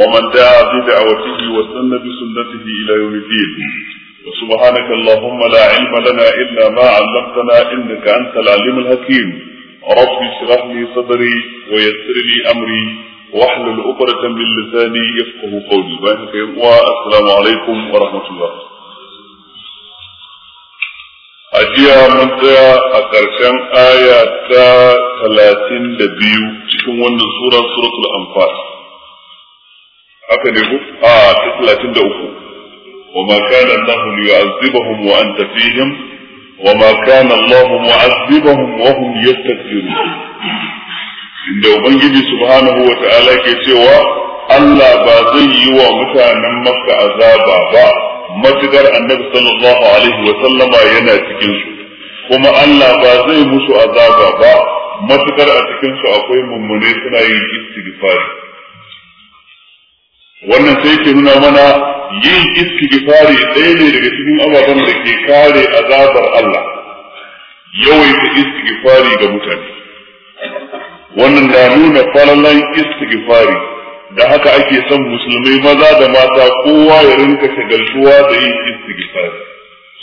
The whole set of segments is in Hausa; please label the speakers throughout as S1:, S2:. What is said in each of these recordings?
S1: ومن دعا بدعوته وسن بسنته إلى يوم الدين وسبحانك اللهم لا علم لنا إلا ما علمتنا إنك أنت العليم الحكيم رب اشرح لي صدري ويسر لي أمري واحلل عقدة من لساني يفقه قولي والسلام عليكم ورحمة الله ajiya mun tsaya a آية aya ta talatin سوره سورة cikin haka ne ku a talatin da uku wa ma kana Allah yu'azzibahum wa anta fihim wa ma kana Allah mu'azzibahum wa hum yastaghfirun inda ubangiji subhanahu wa ta'ala ke cewa Allah ba zai yi wa mutanen Makka azaba ba matukar annabi sallallahu alaihi wa sallama yana cikin su kuma Allah ba zai musu azaba ba matukar a cikin su akwai mummune suna yin istighfari wannan sai ke nuna mana yin istighfari ɗaya ne daga cikin ababen da ke kare azabar Allah yawaita istighfari ga mutane
S2: wannan na nuna
S1: falalan istighfari da haka ake son musulmai maza da mata kowa ya rinka shagaltuwa da yin istighfari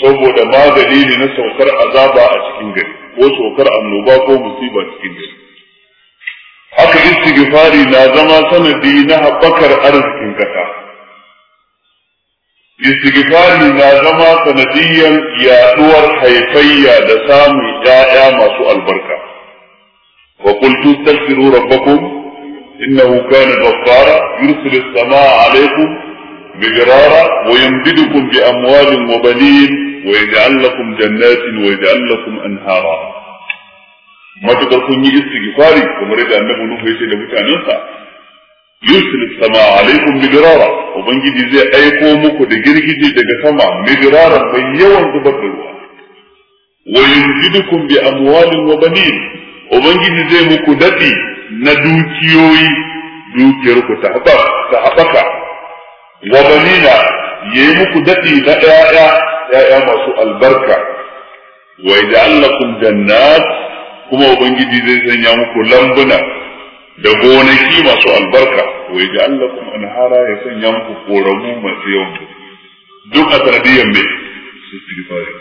S1: saboda magani ne na saukar azaba a cikin gari ko saukar annoba ko musiba cikin gari haka istighfari na zama sanadi na haɓakar arzikin ƙasa istighfari na zama sanadiyan yaɗuwar haifayya da samun ‘ya'ya masu albarka wa qultu astaghfiru rabbakum innahu kana ghaffara yursilu as-samaa 'alaykum midrara wa yumdidukum bi amwalin wa banin wa yaj'al lakum jannatin wa yaj'al lakum anhara matukar kun yi istighfari kamar yadda annabi nuhu ya da mutanensa yusul sama alaikum midrara ubangiji zai aiko muku da girgiji daga sama midrara mai yawan zubar da ruwa wa yunjidukum bi amwalin wa banin ubangiji zai muku dadi na dukiyoyi dukiyar ku ta haɓaka ta haɓaka wa banina yayi muku dadi na ƴaƴa ƴaƴa masu albarka wa yaj'al lakum jannat kuma ubangiji zai sanya muku lambuna da gonaki masu albarka wa ya Allah kuma anhara ya sanya muku koramu masu yawan duk a sanadiyan mai istighfari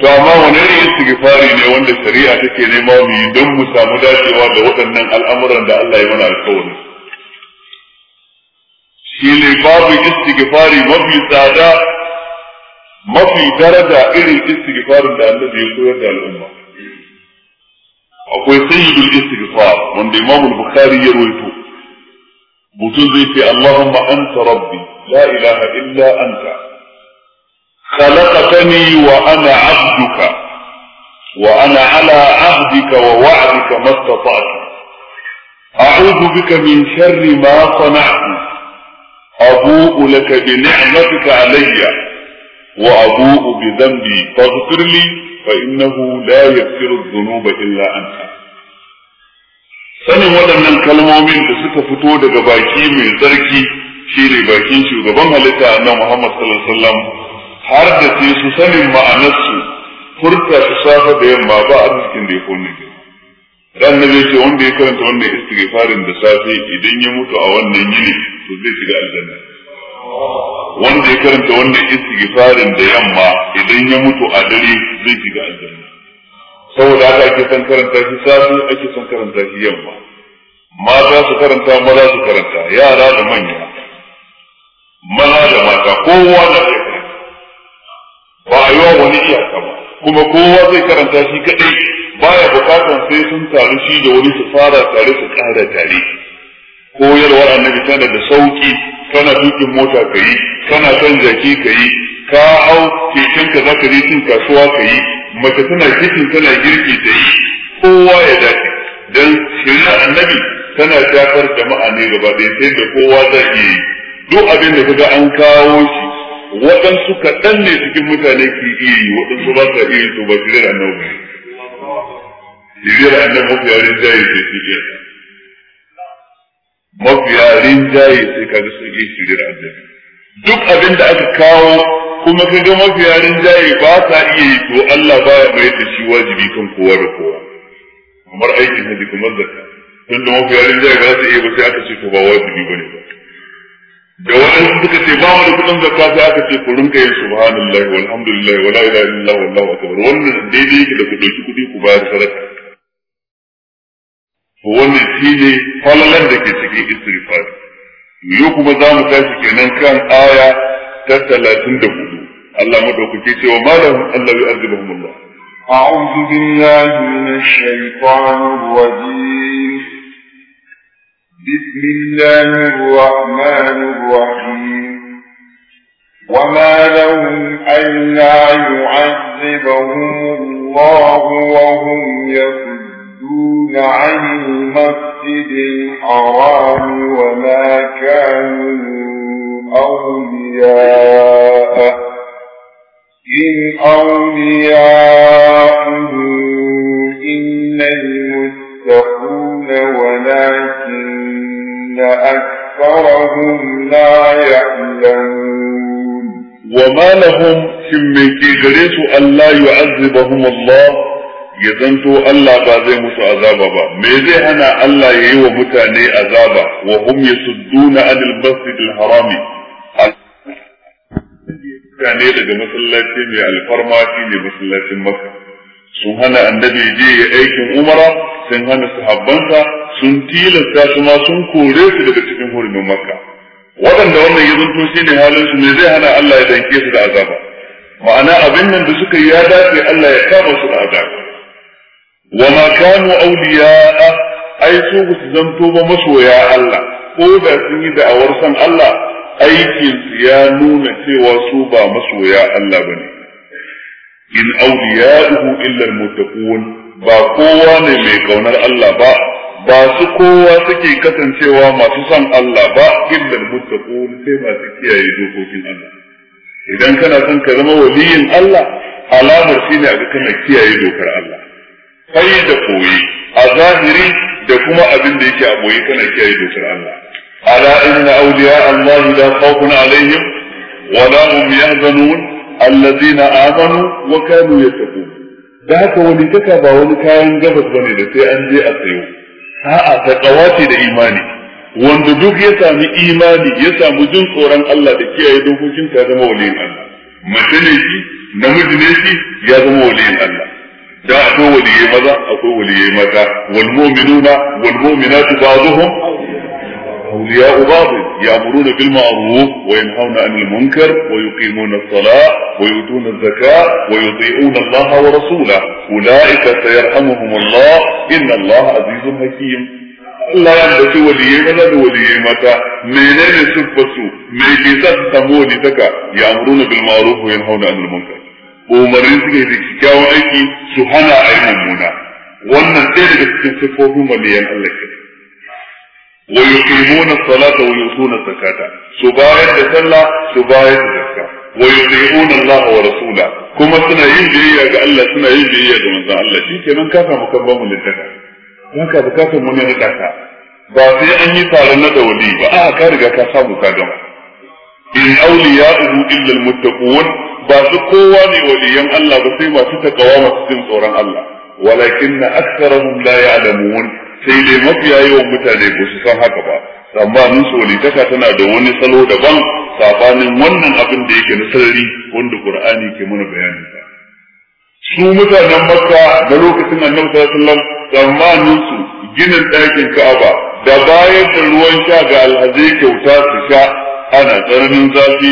S1: to amma wani ne istighfari ne wanda shari'a take nema mu yi don mu samu dacewa da waɗannan al'amuran da Allah ya mana alkawari shi ne babu istighfari mafi tsada mafi daraja irin istighfarin da Allah ya koyar da al'umma akwai sayyidul istighfar wanda imam al-bukhari ya rawaito mutum zai ce allahumma anta rabbi la ilaha illa anta خلقتني وأنا عبدك وأنا على عهدك ووعدك ما استطعت أعوذ بك من شر ما صنعت أبوء لك بنعمتك علي وأبوء بذنبي فاغفر لي فإنه لا يغفر الذنوب إلا أنت sanin waɗannan kalmomin da suka fito daga baki mai tsarki shi ne bakin shugaban halitta na Muhammad sallallahu alaihi har da sai su sanin ma'anarsu furta su safa da yamma ba arzikin da ya kone dan na ce wanda ya karanta wannan istighfarin da safe idan ya mutu a wannan yini to zai shiga aljanna wanda ya karanta wannan istighfarin da yamma idan ya mutu a dare zai shiga aljanna saboda haka ake son karanta shi safi ake son karanta shi yamma mata su karanta maza su karanta yara da manya maza da mata kowa na zai karanta ba a yi wa wani iyaka ba kuma kowa zai karanta shi kadai baya bukatan sai sun taru shi da wani su fara tare su kara tare koyarwar annabi tana da sauki kana tukin mota ka yi kana son jaki ka yi ka hau keken ka za ka je cin kasuwa ka yi mace tana kicin tana girki ta yi kowa ya dace dan shirya annabi tana shafar jama'a ne gaba ɗaya sai da kowa za iya yi duk abin da kuka an kawo shi waɗansu kaɗan ne cikin mutane ke iya yi waɗansu ba sa iya yi to ba shirya annabi shirya annabi ya rinjaye ke shi mafiya rinjaye sai kaga sun yi shirya annabi duk abin da aka kawo kuma ga mafiya rinjaye ba sa iya yi to Allah baya mai da shi wajibi kan kowa da kowa kamar aikin hajji kamar zakka tun da mafiya rinjaye ba su iya ba sai aka ce to ba wajibi bane ba da waɗansu suka ce ba mu da kuɗin zakka sai aka ce ku rinka yin subhanallahi walhamdulillahi wala ilaha illallah wallahu akbar wannan daidai yake da ku ɗauki kuɗi ku bayar sadaka wannan shi ne falalar da ke cikin istirfar yau kuma za mu tashi kenan kan aya ta talatin da hudu Allah madaukake wa malahum Allah ya arzibahum Allah أعوذ بالله من الشيطان
S2: الرجيم بسم الله الرحمن الرحيم وما لهم ألا يعذبهم الله وهم يصلون يصدون عن المسجد الحرام وما كانوا أولياء إن أولياءه إن المتقون ولكن أكثرهم لا يعلمون وما لهم في
S1: من إغريس أن لا يعذبهم الله ya zanto Allah ba zai musu azaba ba me zai hana Allah ya yi wa mutane azaba wa hum yasudduna anil masjidil harami mutane daga masallaci mai alfarma ne masallacin maka sun hana annabi je ya aikin umara sun hana sahabbansa sun tilasta su ma sun kore su daga cikin hurumin makka waɗanda wannan ya zanto shine halin su me zai hana Allah ya danke su da azaba ma'ana abin nan da suka yi ya dace Allah ya kama su da azaba wa ma kanu ya ai su ba zanto ba masoya Allah ko da sun yi da'awar san Allah aikin su ya nuna cewa su ba masoya Allah bane in awliya'uhu illa almuttaqun ba kowa ne mai kaunar Allah ba ba su kowa suke kasancewa masu son Allah ba illa almuttaqun sai su kiyaye dokokin Allah idan kana son ka zama waliyin Allah alamar shine a ga kana kiyaye dokar Allah kai da koyi a zahiri da kuma abin da yake a boye kana kiyaye dokar Allah ala inna awliya Allah la khawfun alaihim wa la hum yahzanun alladhina amanu wa kanu yattaqun da haka wani taka ba wani kayan gabas bane da sai an je a sayo a'a ta kawace da imani wanda duk ya sami imani ya samu jin tsoron Allah da kiyaye dokokin ta zama waliyin Allah mace ne shi namiji ne shi ya zama waliyin Allah da akwai waliyai maza akwai waliyai mata walmominuna walmominatu ba أولياء بعض يأمرون بالمعروف وينهون عن المنكر ويقيمون الصلاة ويؤتون الزكاة ويطيعون الله ورسوله أولئك سيرحمهم الله إن الله عزيز حكيم لا يملك ولي ولا ولي متى من أين سبسوا من كيف تسموني يأمرون بالمعروف وينهون عن المنكر umarni suke da kyakkyawan aiki su hana a yi mummuna wannan ɗaya daga cikin siffofin waliyan Allah ke wa yuqimuna salata wa yutuna zakata su bayar da sallah su bayar da zakka wa yuti'una Allah wa rasula kuma suna yin biyayya ga Allah suna yin biyayya ga manzon Allah shikenan ka samu kabban mu littafa ba ka bukatar mu ne da ka ba sai an yi taron na dauli ba a ka riga ka samu ka gama in awliya'uhu illa al-muttaqun ba su kowa ne waliyan Allah ba sai masu takawa masu jin tsoron Allah walakin na aksarahum la ya'lamun sai dai mafiya yawan mutane ba su san haka ba tsammanin su walitaka tana da wani salo daban sabanin wannan abin da yake na sarari wanda Qur'ani ke mana bayani su mutanen Makka da lokacin Annabi sallallahu alaihi wasallam tsammanin su ginin ɗakin Ka'aba da bayan da ruwan sha ga alhazai kyauta su sha ana tsananin zafi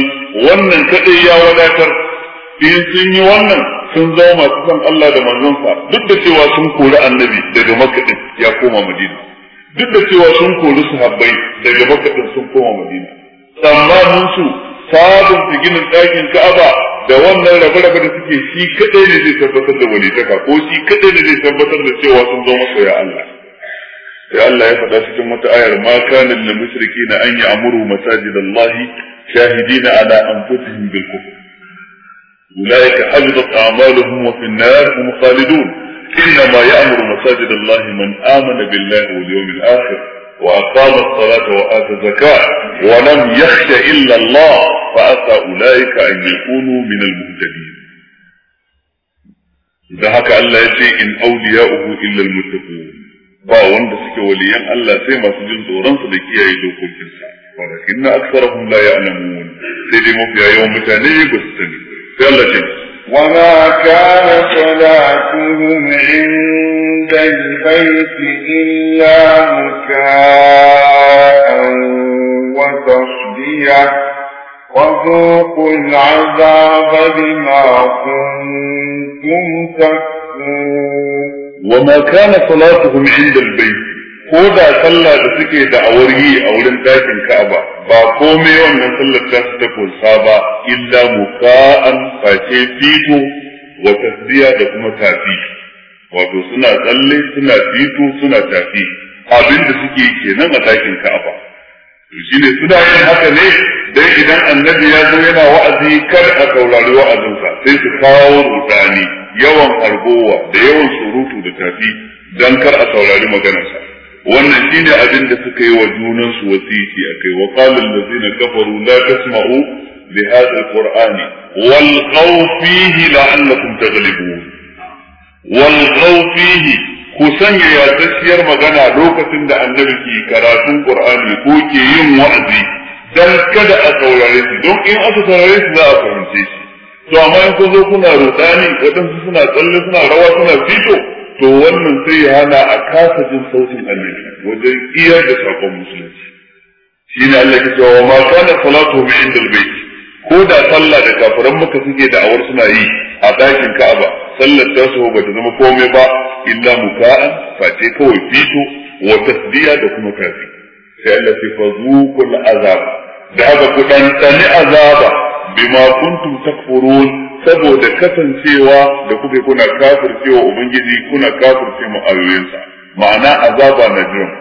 S1: wannan kadai ya wadatar in eh, sun yi wannan sun zama masu son Allah da manzonsa duk da cewa sun kori annabi daga makka din ya koma madina duk da cewa sun kori sahabbai daga makka din sun koma madina tsammanin su sabon ginin ɗakin ka'aba da wannan rabe-rabe da suke shi kaɗai ne zai tabbatar da walitaka ko shi kaɗai ne zai tabbatar da cewa sun zama masoya Allah sai Allah ya faɗa cikin wata ayar ma kana lil mushrikeena an ya'muru masajidallahi Allah shahidina ala anfusihim bil kufr أولئك حبطت أعمالهم وفي النار هم خالدون إنما يأمر مساجد الله من آمن بالله واليوم الآخر وأقام الصلاة وآتى الزكاة ولم يخش إلا الله فأتى أولئك أن يكونوا من المهتدين إذا حكى الله شيء إن أولياؤه إلا المتقون باون بسك وليا ألا سيما سجن دوران صديقيا يدوك الإنسان ولكن أكثرهم لا يعلمون سيدي يوم تاني بستني
S2: وما كان صلاتهم عند البيت إلا مكاء وتصدية وذوقوا العذاب بما كنتم تكفرون وما كان صلاتهم
S1: عند البيت
S2: ko da sallah da
S1: suke da awar a wurin dakin Ka'aba ba komai wannan sallar ta su ta kunsa ba illa muka'an face fito wa tasbiya da kuma tafi wato suna tsalle suna fito suna tafi abin da suke kenan a dakin Ka'aba to shine suna yin haka ne dan idan annabi ya zo yana wa'azi kar a saurari wa'azinsa sai su kawo rudani yawan harbowa da yawan surutu da tafi dan kar a saurari maganarsa wannan shine abin da suka yi wa junan su wasiki akai wa qala allazina kafaru la tasma'u li hadha alqur'ani wal qaw fihi la'allakum taghlibun wal qaw fihi ku sanya yatsasiyar magana lokacin da annabi ke karatun qur'ani ko ke yin wa'azi dan kada a saurare shi don in aka saurare shi za a fahimce shi to amma in kun zo kuna rudani wadansu suna tsalle suna rawa suna fito to wannan sai ya hana a kasa jin sautin annabi wajen iyar da sakon musulunci shi ne Allah ke cewa ma kana salatu bi inda albayt ko da sallah da kafiran muka suke da awar suna yi a dakin Ka'aba sallar ta su ba ta zama komai ba illa muka'an face kawai fito wa tasdiya da kuma kafi sai Allah ya fazuqul azab da haka ku dan azaba bima kuntum takfurun saboda kasancewa da kuke kuna kafircewa ubangiji kuna kafirce mu ayoyinsa ma'ana azaba na jiran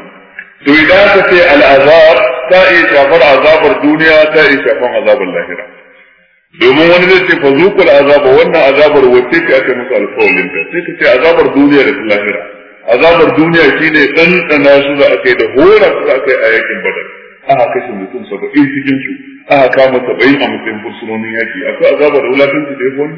S1: to idan ka ce al'azab ta iya shafar azabar duniya ta iya shafar azabar lahira domin wani zai ce fa zuqul azaba wannan azabar wace ce aka musu alƙawarin ta sai ka ce azabar duniya da lahira azabar duniya shine dan dana su da aka yi da hora su da aka yi a yakin badar aka kashe mutum 70 cikin su aka kama saba'in a matsayin fursunonin yaki akwai azabar da wulafinsu da ya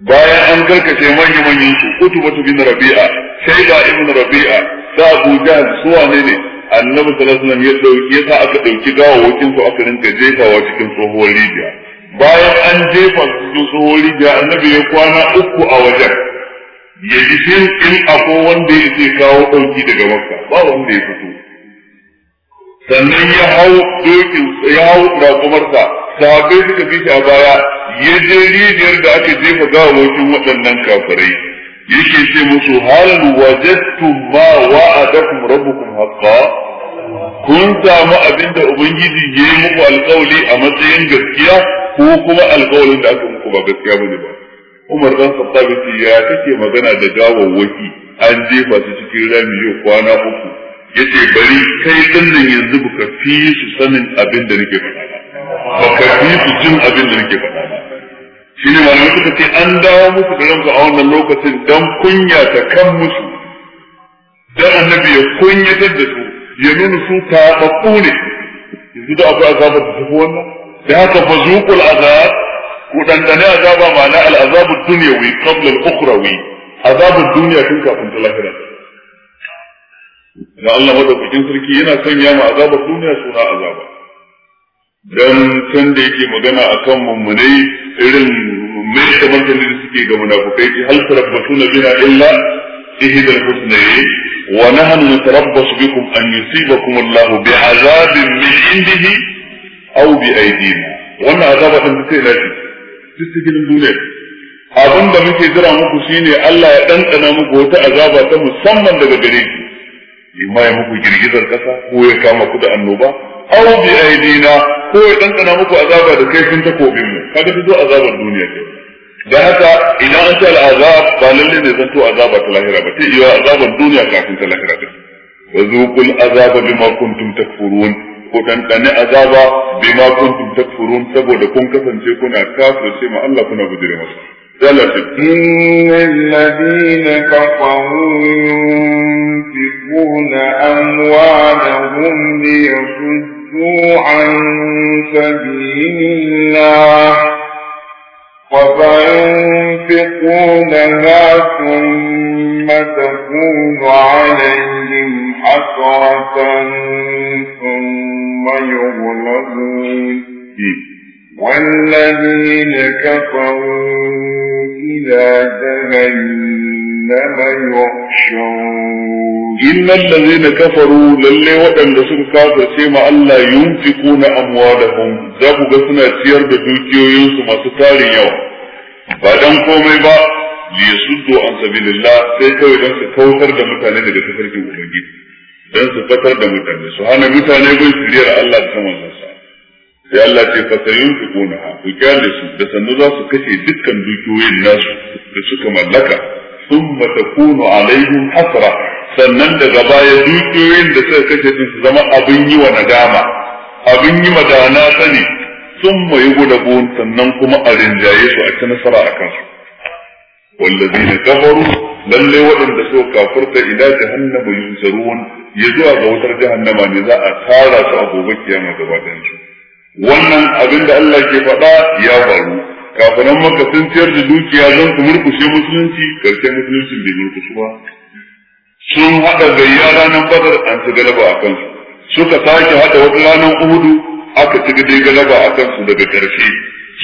S1: bayan an karkace manyan manyan su utubatu bin rabi'a sai da ibn rabi'a sa abu jahal su wane ne annabi sallallahu alaihi wasallam ya ya sa aka dauki gawawakin su aka rinka jefawa cikin tsohuwar libya bayan an jefa su cikin tsohuwar libya annabi ya kwana uku a wajen ya ji in akwai wanda ya ce kawo dauki daga makka ba wanda ya fito sannan ya hau doki ya hau raƙumarsa sabai suka fi shi a baya ya je rijiyar da aka jefa gawawakin waɗannan kafirai yake ce musu hal wajadtum ma a rabbukum haqqa kun samu abin da ubangiji ya yi muku a matsayin gaskiya ko kuma alƙawalin da aka muku ba gaskiya bane ba Umar dan sabbabi ya kake magana da gawawaki an jefa su cikin rami yau kwana uku yace bari kai dinnan yanzu baka fi su sanin abin da nake faɗa baka fi su jin abin da nake faɗa shi ne malamai suka ce an dawo musu da ransu a wannan lokacin don kunya ta kan musu dan annabi ya kunyatar da su ya nuna su taɓaɓɓu ne yanzu da akwai azabar da tafi wannan da haka ba zuqul azab ku dandane azaba ma'ana al azabu dunyawi qabla al ukhrawi azabu dunya tun kafin ta lahira da Allah madaukakin sarki yana sanya mu azabar duniya suna azaba dan can da yake magana akan mummunai irin mai da da suke ga munafukai hal na bina illa ihda al-husnayn wa nahnu natarabbasu bikum an yusibakum Allah azabin
S2: min indihi
S1: aw bi aydina wannan azaba din take lafi cikin duniya abin da muke jira muku shine Allah ya dandana muku wata azaba ta musamman daga gare shi lima ya muku girgizar kasa ko ya kama ku da annoba aw bi aidina ko ya ɗanɗana muku azaba da kaifin takobin mu kaga duk azabar duniya ce haka ina an ce azab, ba lalle ne zanto azaba ta lahira ba sai iya azabar duniya kafin ta lahira din wa zuqul azaba bima kuntum takfurun ko ɗanɗane azaba bima kuntum takfurun saboda kun kasance kuna kafirce ma Allah kuna bijire masa
S2: سلفت إن الذين كفروا ينفقون أموالهم ليصدوا عن سبيل الله فسينفقونها ثم تكون عليهم حسرة ثم يغلبون والذين كفروا إلى جهنم يحشرون إن الذين كفروا للي وأن لسن كافر سيما ألا ينفقون
S1: أموالهم ذاكو قسنا سير بدوكيو ينسو ما ستاري يوم بعدم قومي با ليسدو عن سبيل الله سيكو إذن سكوتر دمتاني لكتفرك وفنجي dan su fatar da mutane su hana mutane gun shiriyar Allah da samansa sai Allah ce fa sayun tukuna ku kyale su da sannu za su kashe dukkan dukiyoyin nasu da suka mallaka thumma takunu alaihim hasra sannan daga baya dukiyoyin da suka kashe din su zama abin yi wa nadama abin yi wa dana sani thumma yughlabun sannan kuma a rinjaye su a ta nasara a kansu والذين كفروا لن لولا سوء كافرت إلى جهنم ne za a جهنم su a سأبو kiyama gaba تبادنشون wannan abin da Allah ke faɗa ya faru Kafinan maka sun ciyar da dukiya zan su murkushe musulunci karshen musulunci bai murkusu ba sun haɗa gayya ranar badar an ci galaba a kansu suka sake haɗa wata ranar uhudu aka ci galaba a kansu daga ƙarshe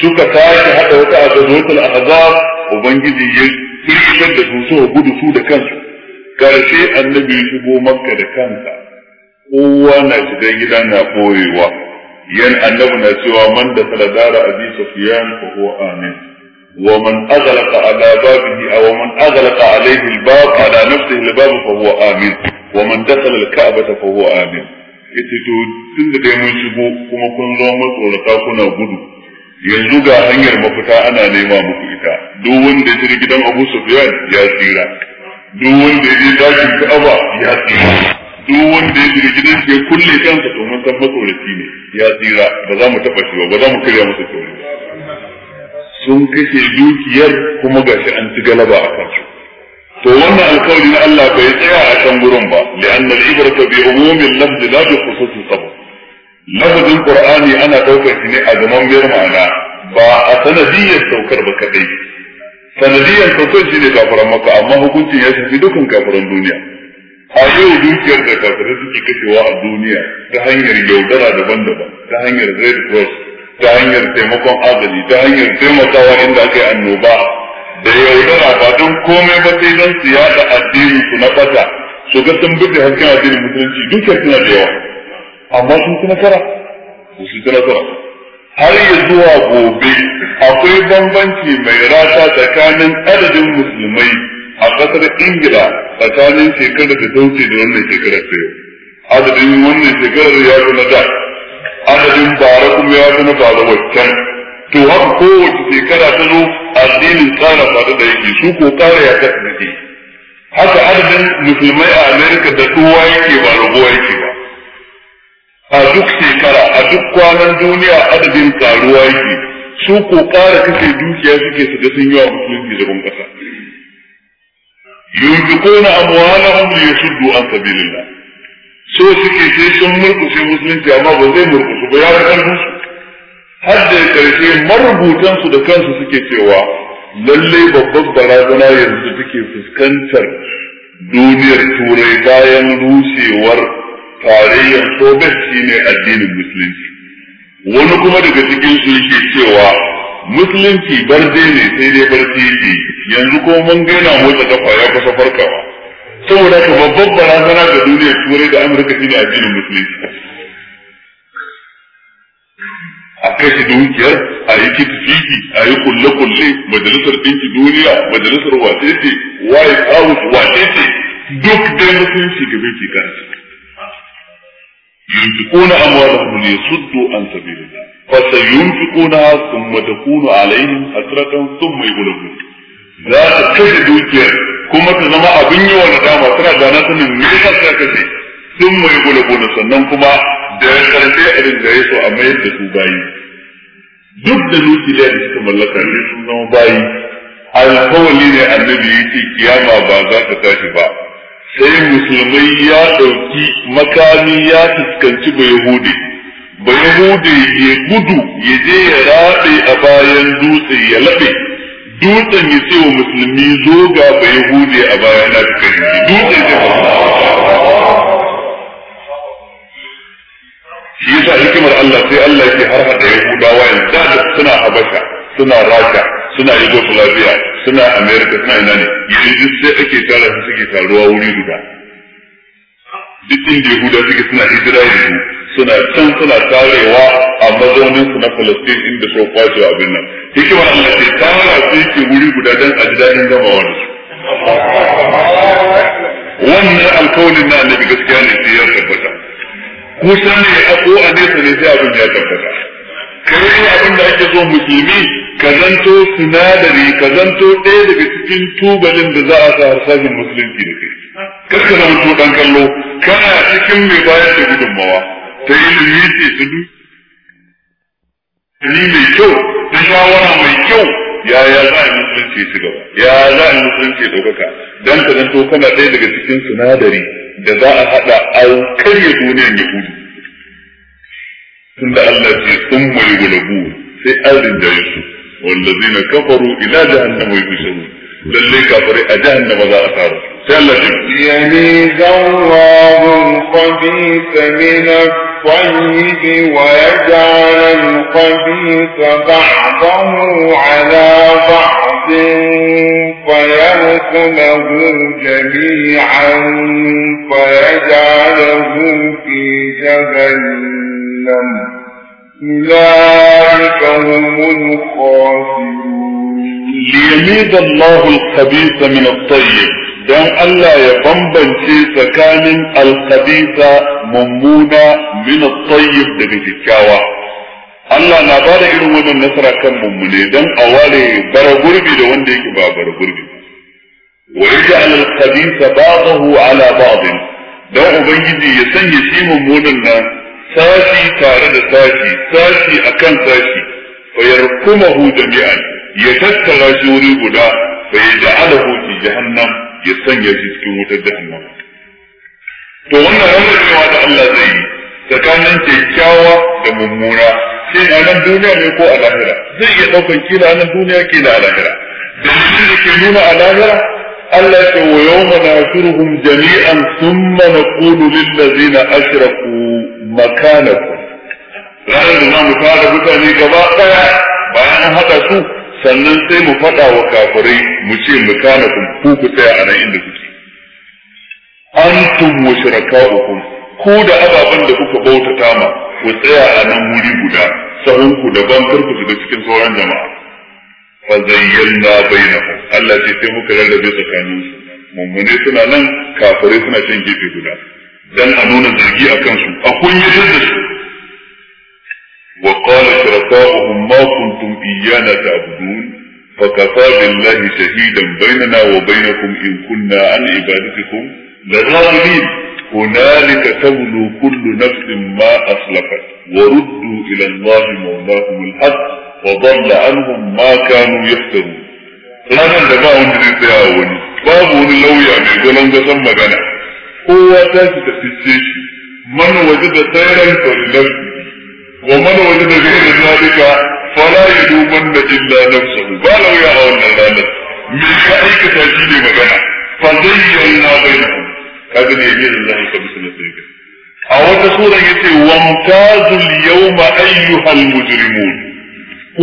S1: suka sake haɗa wata a gazotul ubangiji ya firgitar da su so gudu su da kansu ƙarshe annabi ya shigo makka da kansa kowa na shiga gida na ɓoyewa yan annabi na cewa man da sala abi sufyan fa huwa amin wa man aghlaqa ala babihi aw man aghlaqa alayhi albab ala nafsihi albab fa huwa amin wa man dakhala alka'bata fa huwa amin yace to tun da dai mun shigo kuma kun zo mu tsorata kuna gudu yanzu ga hanyar mafita ana nema muku ita duk wanda ya shiga gidan Abu Sufyan ya tsira duk wanda ya je dakin Ka'aba ya tsira duk wanda ya shiga gidan ya kulle kansa to mun san matsoraci ne ya tsira ba za mu taɓa shi ba ba za mu karya masa tsoro sun kashe dukiyar kuma ga shi an ci galaba a kan kansu to wannan alkawari na Allah bai tsaya a kan gurin ba li'anna al-ibrata bi umumin lafzi la bi khususi sabab lafazin qur'ani ana daukar shi ne a zaman biyar ma'ana ba a sanadiyyar saukar ba kadai sanadiyyar saukar shi ne kafiran maka amma hukuncin ya shafi dukkan kafiran duniya a dukiyar da kafirai suke kashewa a duniya ta hanyar yaudara daban-daban ta hanyar red cross ta hanyar taimakon agali ta hanyar taimakawa inda aka yi annoba da yaudara ba don komai ba sai don su yada addini su na bata su ga sun bude da hakkin addinin musulunci dukiyar suna da yawa amma sun ci nasara su suna nasara har ya zuwa gobe akwai bambanci mai rata tsakanin adadin musulmai a kasar ingila tsakanin shekarar da ta da wannan shekarar ta yau adadin wannan shekarar ya fi na da adadin bara kuma ya fi na bara waccan to haka kowace shekara ta zo addinin tsara fada da yake su ko kara ya kasa nake haka adadin musulmai a amerika da kowa yake ba rabuwa yake ba a duk shekara a duk kwanan duniya adadin karuwa yake su ko kara kashe dukiya suke su ga sun yi wa musulunci da kasa yunfiquna amwalahum liyasuddu an sabilillah so suke sai sun murkushe musulunci amma ba zai murkusu ba ya ga kansu har da karshe marubutan su da kansu suke cewa lalle babban barazana yanzu take fuskantar duniyar turai bayan rushewar tarayyar sobet shine addinin musulunci wani kuma daga cikin su yake cewa musulunci bar barde ne sai dai bar titi yanzu ko mun gaina motsa kafa ya kusa farkawa saboda ka babban barazana ga duniyar turai da amurka shine addinin musulunci
S2: a kai da dukiyar a yi kitifiki a yi kulle-kulle majalisar
S1: dinki duniya majalisar wasece white house wasece duk dai musulunci gabe ke kansu yanzu ko na amwalahum ne suddu an da فسينفقونها ثم تكون عليهم حسرة ثم يغلبون za ta kashe dukiyar kuma ta zama abin yi wa nadama tana da na sanin me yasa ta kashe sun mai gulgulu sannan kuma da ya karfe a rinjaye su a mayar da su bayi duk da dukiya da suka mallaka ne sun zama bayi alkawali ne annabi ya ce kiyama ba za ta tashi ba sai musulmai ya ɗauki makami ya fuskanci bai hude ba ya yahude ya gudu ya je ya rabe a bayan dutse ya laɓe dutsen ya ce wa musulmi zo ga ba yahude a bayan na ta kai dutse ta shi yasa hikimar Allah sai Allah ke har hada yahudawa wayan. da suna habasha suna rasha suna yugoslavia suna america suna ina ne yanzu sai ake tara su suke taruwa wuri guda duk inda yahuda suke suna hijira yanzu suna can suna tarewa a mazaunin su na Falastin inda so kwace abin nan hikimar Allah ke tara su yake wuri guda dan a ji daɗin zama wani su wannan alkawalin na annabi gaskiya ne sai ya tabbata Kusan ne a ko a nesa ne sai abin ya tabbata kai abin da ake so musulmi ka zanto sinadari ka zanto ɗaya daga cikin tubalin da za a sa harsashin musulunci da kai kar ka zama to dan kallo kana cikin mai bayar da gudunmawa ta ilimi ce ta ni mai kyau ta shawara mai kyau yaya za a yi musulunci su gaba ya za a yi musulunci ɗaukaka don ka zanto kana ɗaya daga cikin sinadari da za a haɗa a karya duniyar yahudu tunda Allah ce sun mai gulabu sai an rinjaye su wallazina kafaru ila jahannama yushurun
S2: lalle kafare a
S1: jahannama za a tsara su
S2: يميز الله الخبيث من الطيب ويجعل الخبيث بعضه على بعض فيركمه جميعا فيجعله في جهنم أولئك هم الخاسرون
S1: ليميز الله الخبيث من الطيب Idan Allah ya bambance tsakanin alkhabisa mummuna min at daga kyakkyawa Allah na ba da irin wannan nasara kan mummune dan a ware bara gurbi da wanda yake ba bara gurbi wa yaj'al al-khabisa ba'dahu ala ba'd dan ubangiji ya sanya shi mummunan nan sashi tare da sashi sashi akan sashi fa yarkumahu jami'an ya tattara shi wuri guda fa yaj'alahu fi jahannam ya sanya shi cikin wutar jahannama to
S2: wannan cewa da Allah
S1: zai yi tsakanin kyakkyawa da mummuna sai na nan duniya ne ko a lahira zai iya ɗaukan kila nan duniya ke a lahira dalilin da ke nuna a lahira Allah ya ce wa yawma nasuruhum jami'an thumma naqulu lil ladzina ashraku makanakum ranar da za mu tara mutane gaba daya bayan haɗa su sannan sai mu faɗa wa kafirai mu ce mu kana kun ku ku tsaya a nan inda kuke antum wa shiraka'ukum ku da ababen da kuka bautata ma ku tsaya a nan wuri guda sahun ku daban kar ku shiga cikin sauran jama'a fa na ku. Allah ce sai muka rarrabe tsakanin su mummune suna nan kafirai suna can gefe guda dan a nuna zargi akan su a kunyatar da su وقال شركاؤهم ما كنتم إيانا تعبدون فكفى بالله شهيدا بيننا وبينكم إن كنا عن عبادتكم لغافلين هنالك تولوا كل نفس ما أسلفت وردوا إلى الله مولاهم الحق وضل عنهم ما كانوا يفترون ranar da ba wanda zai tsaya لو يعني wani lauya mai gwanon gasan magana kowa ta shi ta fice wa man wajada ghayra zalika fala yadumanna illa nafsuhu ba law ya a wannan ranar me ka aikata shi ne magana fa zayyana bainahum kaga ne yake da zai ka bisu ne a wata sura yace wamtazul yawma ayyuhal mujrimun ku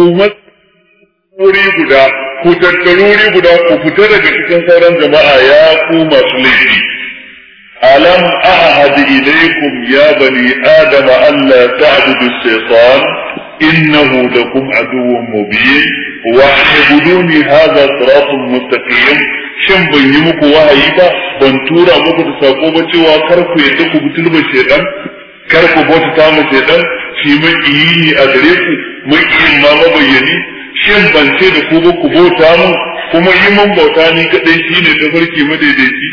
S1: wuri guda ku tattaru guda ku fita daga cikin sauran jama'a ya ku masu laifi ألم أعهد إليكم يا بني آدم ألا تعبدوا الشيطان إنه لكم عدو مبين واعبدوني هذا صراط مستقيم shin ban yi muku wahayi ba ban tura muku da sako ba cewa kar ku yadda ku butulba shedan kar ku bauta ta mu shedan shi mun yi a gare ku mun yi ma mabayyani shin ban ce da ku ba ku bauta mu kuma yi mun bauta ni kadai shine farki madaidaici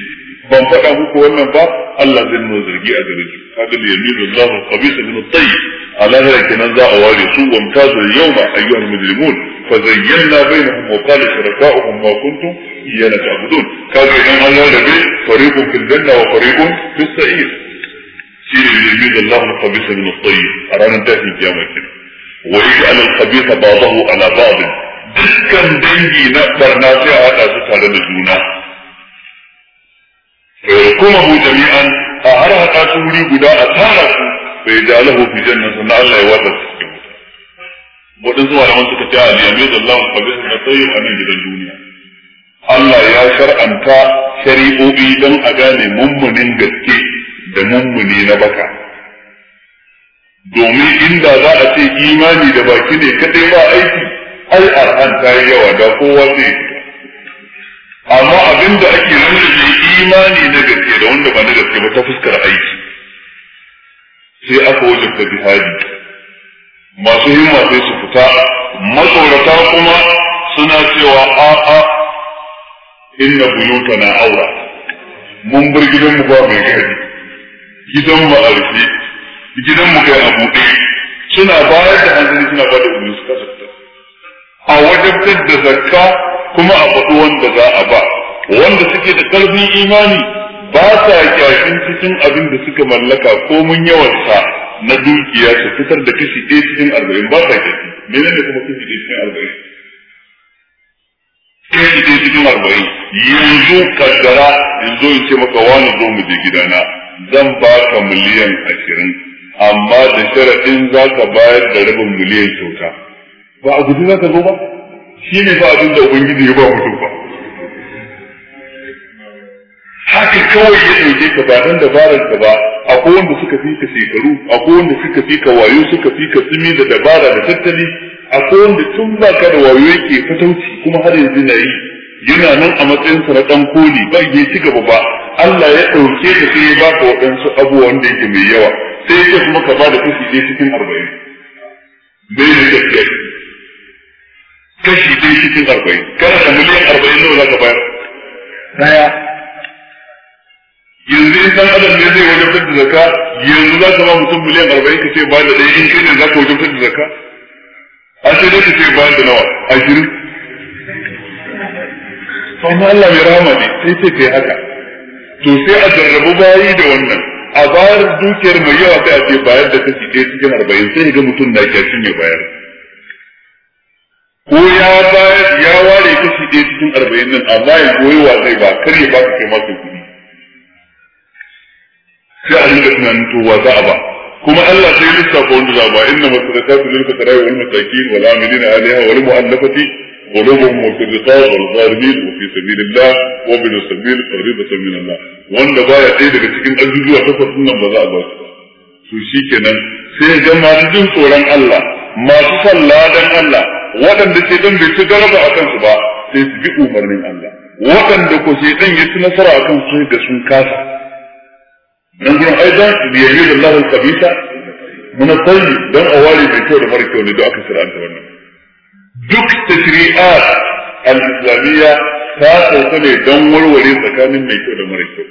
S1: ban faɗa muku wannan ba Allah zai nuna zargi a gare shi kaga da yaminu Allah khabisa min at-tayyib ala hada kenan za a ware su wa mutazu yawma ayyuhal mujrimun fa zayyana bainahum wa qala shuraka'uhum ma kuntum iyyana ta'budun kaga idan an rabe fariqun fil janna wa fariqun fis sa'ir shi ne yaminu Allah khabisa min at-tayyib a ranar tashin kiyama kenan wa yaj'al al-khabisa ba'dahu ala ba'd dukkan dangi na barna sai a hada su tare da juna Eh, kuma hu jami'an a har haɗa su wuri guda a tara su bai da lahu fi jannan sun Allah ya wata su cikin zuwa waɗansu malaman suka ce a liyame da Allah mu kabisa na tsayin a nan gidan duniya Allah ya shar'anta shari'o'i don a gane mummunin gaske da mummuni na baka domin inda za a ce imani da baki ne kadai ba aiki ai arhan ta yi yawa da kowa zai amma abin da ake nuna shi imani na gaske da wanda ba na gaske ba ta fuskar aiki sai aka bi hali. masu himma sai su fita matsorata kuma suna cewa a'a inna na aura mun bar gidan mu ba mai gari gidan mu a rufe gidan mu kai a buɗe suna bayar da hankali suna ba da umarni su kasa a wajabtar da zakka kuma a faɗi wanda za a ba wanda suke da ƙarfin imani ba sa kyashin cikin abin da suka mallaka ko mun yawansa na dukiya su fitar da kashi ɗaya cikin arba'in ba sa kyashi menene kuma kashi ɗaya cikin arba'in kashi ɗaya cikin arba'in yanzu kaddara yanzu in ce maka wani zo mu je gidana zan baka miliyan ashirin amma da sharaɗin za ka bayar da rabin miliyan kyauta ba a guji za ka zo ba shi ne ba abin da ubangiji ya ba mutum ba haka kawai ya ɗauke ka ba dan dabarar ka ba akwai wanda suka fi ka shekaru akwai wanda suka fi ka wayo suka fi ka tsimi da dabara da tattali akwai wanda tun ba ka da wayo yake fatauci kuma har yanzu na yi yana nan a matsayin sa na dan koli ba ya ci gaba ba Allah ya ɗauke ka sai ya baka waɗansu abubuwan da yake mai yawa sai ya ce kuma ka ba da kashi ɗaya cikin arba'in bai da kashi dai cikin arba'in kana da miliyan arba'in nawa za ka bayar daya yanzu in san adam ne zai wajabtar da zakka yanzu za ka ba mutum miliyan arba'in ka ce ba da ɗaya in kai ne za ka wajabtar da zakka a ce ne ka ce ba da nawa ashirin to amma Allah mai rahama ne sai ce kai haka to sai a jarrabu bayi da wannan a bayar dukiyar mai yawa sai a ce bayar da kashi ɗaya cikin arba'in sai ga mutum na kyashin ya bayar ko ya bayar ya ware kashi ɗaya cikin arba'in nan amma ya goyi wa zai ba kar ya baka kai masa kuɗi sai a rika tunanin to wa za a ba kuma Allah sai ko wanda za a ba inna masadaqatu lil fuqara'i wal masakin wal amilina 'alayha wal mu'allafati qulubuhum wa fil riqab wal zalimin wa fi sabilillah wa bil sabil fariidatan min Allah wanda baya ɗaya daga cikin azuzuwa takwas nan ba za a ba su to shikenan sai ga masu jin tsoron Allah masu sallah dan Allah waɗanda ce dan bai ci daraba a kansu ba sai su bi umarnin Allah waɗanda ko sai dan ya ci nasara a kansu sai ga sun kasa nan gurin ai dan biyayyu da al-khabisa mun tsayi mai kyau da mara kyau ne da aka siranta wannan duk tashri'at al-islamiyya ta sauka ne don warware tsakanin mai kyau da mara kyau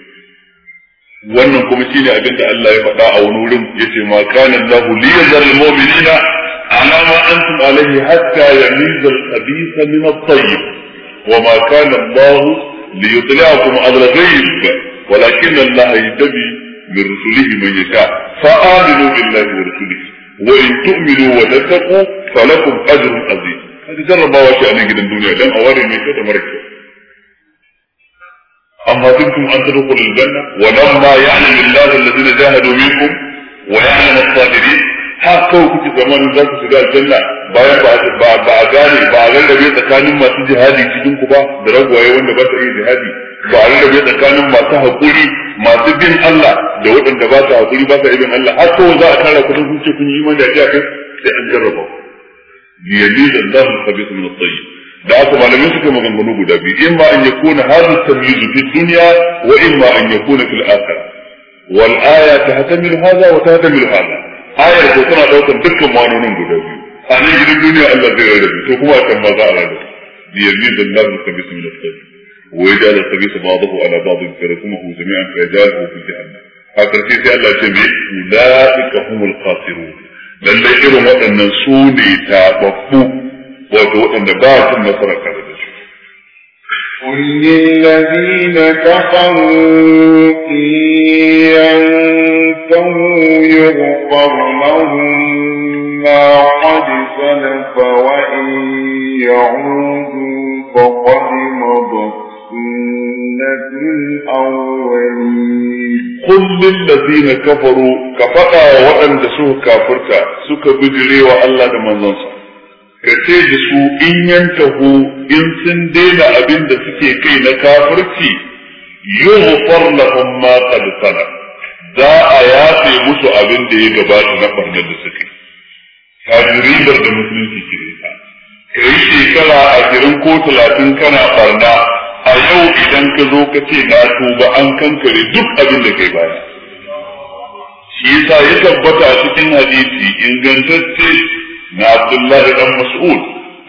S1: wannan kuma shine abin da Allah ya faɗa a wani wurin yace ma kana Allahu liyazal mu'minina على ما أنتم عليه حتى يميز الخبيث من الطيب وما كان الله ليطلعكم على الغيب ولكن الله يتبي من رسله من يشاء فآمنوا بالله ورسله وإن تؤمنوا وتتقوا فلكم أجر عظيم هذه جربوا شأنه كده الدنيا لأن اواني من يشاء مركب أما كنتم أن تدخلوا الجنة ولما يعلم الله الذين جاهدوا منكم ويعلم الصابرين har kawai kuke zaman za ku shiga aljanna bayan ba a gane ba a rarrabe tsakanin masu jihadi cikin ku ba da ragwaye wanda ba ta iya jihadi ba a rarrabe tsakanin masu haƙuri masu bin Allah da waɗanda ba su haƙuri ba su bin Allah har kawai za a tara ku sun ce kun yi imani da kai sai an jarraba yaliza Allah khabith min at-tayyib da aka malamin suka maganganu guda biyu in ma an yakuna hadha at-tamyiz fi dunya wa in ma an yakuna fil akhirah wal aya tahtamilu hadha wa tahtamilu hadha ayar ko tana daukan dukkan ma'anonin guda biyu a nan gidan duniya Allah zai rage to kuma kan ma za a rage bi yami da Allah ka bi sun lafta wa ya da sabi su ba'dahu ala ba'dhi kare kuma ku jami'an fa ja'u fi jahannam a karshe sai Allah ce me ulaika humul qasirun lalle irin waɗannan su ne ta babbu wato waɗanda ba su nasara kan
S2: للذين كفروا إن ينتهوا يغفر لهم ما قد سلف وإن يعودوا فقد مضت سنة الأولين قل
S1: للذين كفروا كفقا وأن سوء كافرك سوك بجري وألا دمان نصر ka ce da su in yantahu in sun daina abin da suke kai na kafirci yau lahum ma qad za a yafe musu abin da ya gabata na barnar da suke ta ribar da musulunci ke da ka yi shekara ashirin ko talatin kana barna a yau idan ka zo ka ce na tuba an kankare duk abin da kai baya shi yasa ya tabbata cikin hadisi ingantacce na Abdullahi dan Mas'ud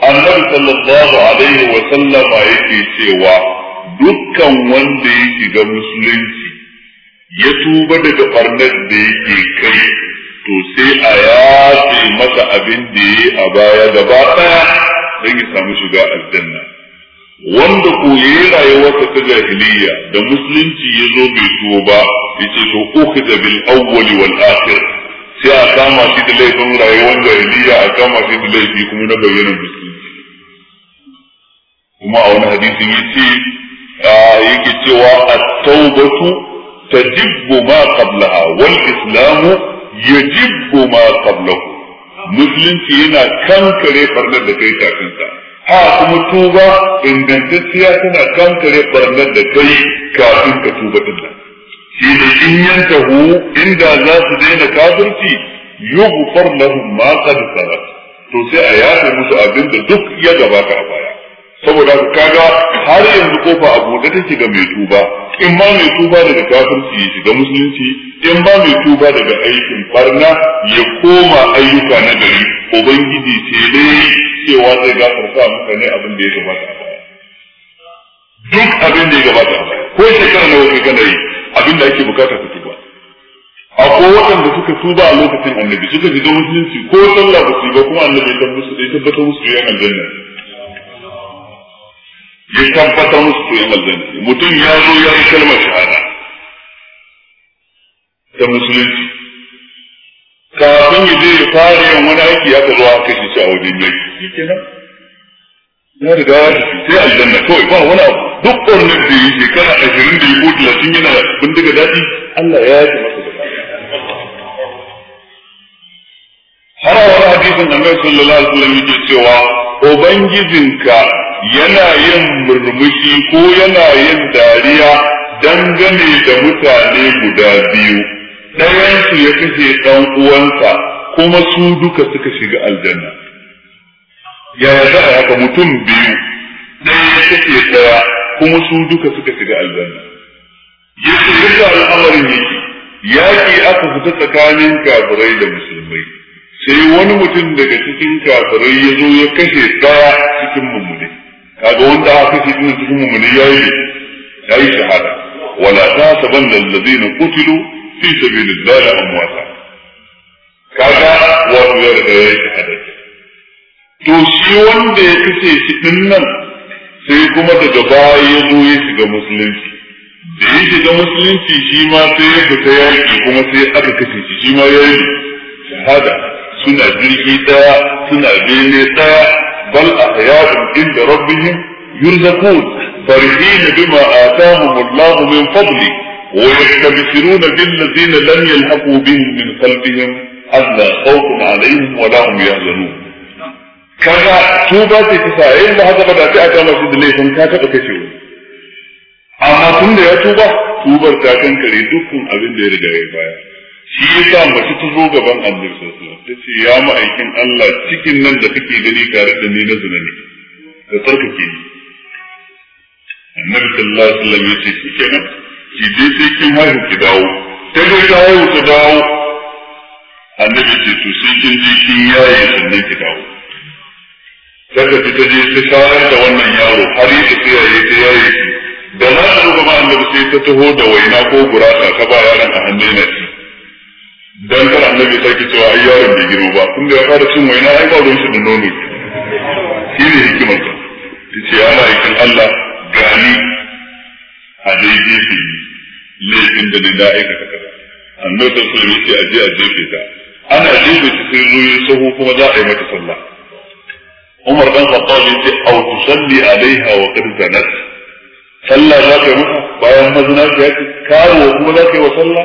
S1: annabi sallallahu alaihi wa sallama yake cewa dukkan wanda ya shiga musulunci ya tuba daga barnar da yake kai to sai a yafe masa abin da ya a baya gaba daya don ya samu shiga aljanna wanda ko yayi rayuwarsa ta jahiliya da musulunci ya zo bai tuba yace to da bil awwali wal akhir sai a kama shi da laifin rayuwar jahiliya a kama shi da laifi kuma na bayyana musulunci kuma a wani hadisin yace yake cewa a taubatu ta jibbo ma a wal islamu ya jibbo ma qablahu musulunci yana kankare farnar da kai kafin sa ha kuma tuba ingantacciya tana kankare farnar da kai kafin ka tuba din
S2: shi ne
S1: in hu inda za su daina kafirci yugu lahum ma qad to sai a yafe musu abin da duk ya gabata a baya saboda kaga har yanzu kofa a buɗe take ga mai tuba in ba mai tuba daga kafirci ya shiga musulunci in ba mai tuba daga aikin barna ya koma ayyuka na gari ubangiji ce dai cewa zai gafarta mutane abin da ya gabata a baya duk abin da ya gabata ko shekara nawa kai kana yi abin da ake bukata ka tuba akwai waɗanda suka tuba a lokacin annabi suka shiga musulunci ko sallah ba su ba kuma annabi ya tabbatar ya tabbatar musu ya aljanna ya tabbatar musu ya aljanna mutum ya zo ya yi kalmar shahada ta musulunci kafin ya je ya fara yin wani aiki ya zo aka shi a wajen yaki shi kenan ya riga ya tafi sai aljanna kawai ba wani abu duk ƙornar da yi shekara ashirin da ya ko talatin yana bindiga daɗi Allah ya yi masa da har a wani hadisin da mai sallallahu alaihi wasallam yake cewa ubangijinka yana yin murmushi ko yana yin dariya dangane da mutane guda biyu ɗayansu ya kashe ɗan uwansa kuma su duka suka shiga aljanna yaya za a haka mutum biyu ɗaya ya kashe ɗaya kuma su duka suka shiga aljanna yake duka al'amarin yake yaki aka fita tsakanin kafirai da musulmai sai wani mutum daga cikin kafirai ya zo ya kashe daya cikin mummuni. kaga wanda aka kashe din cikin mummuni yayi yayi shahada wala tasabanna alladhina qutilu fi sabilillahi amwata kaga wato ya riga yayi shahada to shi wanda ya kashe shi din nan sai kuma daga baya ya zo ya shiga musulunci da ya shiga musulunci shi ma sai ya fita yaki kuma sai aka kashe shi shi ma ya yi shahada suna jirgi daya suna bene daya bal a hayatun inda rabbihim yurzaqun farihin bima atahum Allah min fadli wa yastabshirun bil ladina lam yalhaqu bihim min qalbihim alla khawfun alaihim wa la yahzanun kaga su ba su ta sa in ba haka ba da sai a kama su da laifin ka taɓa kashe wani amma tun da ya tuba tubar ta kankare dukkan abin da ya riga ya baya shi ya sa mace ta zo gaban annabi sallallahu alaihi wasallam ta ce ya ma'aikin Allah cikin nan da kake gani tare da ni na ne, ka tsarkake ni annabi sallallahu alaihi wasallam ya ce shi kenan ki je sai kin haihu ki dawo ta je ta haihu ta dawo annabi ce to sai kin je kin yaye sannan ki dawo tallafi ta je ta shayar da wannan yaro har yi tafiya ya ta yaye shi da na ta ruba da sai ta taho da waina ko gurasa ta ba yaron a hannun na ci dan kar annabi sake cewa ai yaron bai girma ba kun da ya fara cin waina ai ba ruwan shi da nono shi ne hikimar ta ce ana aikin Allah gani a daidai fi laifin da na aikata kada annabi sallallahu alaihi wasallam ya ce a je a jefe ta ana jefe ta sai zo sahu kuma za a yi mata sallah Umar dan Khattab ya ce au alaiha wa qad zanat sallah za ka yi mata bayan mazina ya ce karuwa kuma za ka yi wa sallah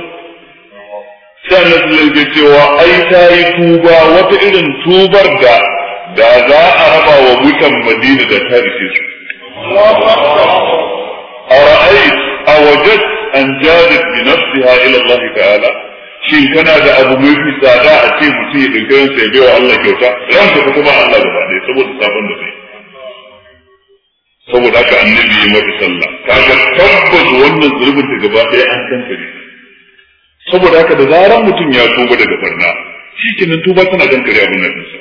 S1: sai annabi ya cewa ai ta yi tuba wata irin tubar da za a raba wa Madina da ta rike su أرأيت أوجدت أن جادت بنفسها إلى الله تعالى shin kana da abu mafi tsada a ce mutum ya ɗauki ransa ya bai wa Allah kyauta ransa ko kuma Allah gaba ɗaya saboda sabon da kai saboda haka annabi ya mafi sallah kaga tabbas wannan zurbin da gaba ɗaya an san ne saboda haka da zaran mutum ya tuba daga barna shi kenan tuba tana dankare abin nan ɗinsa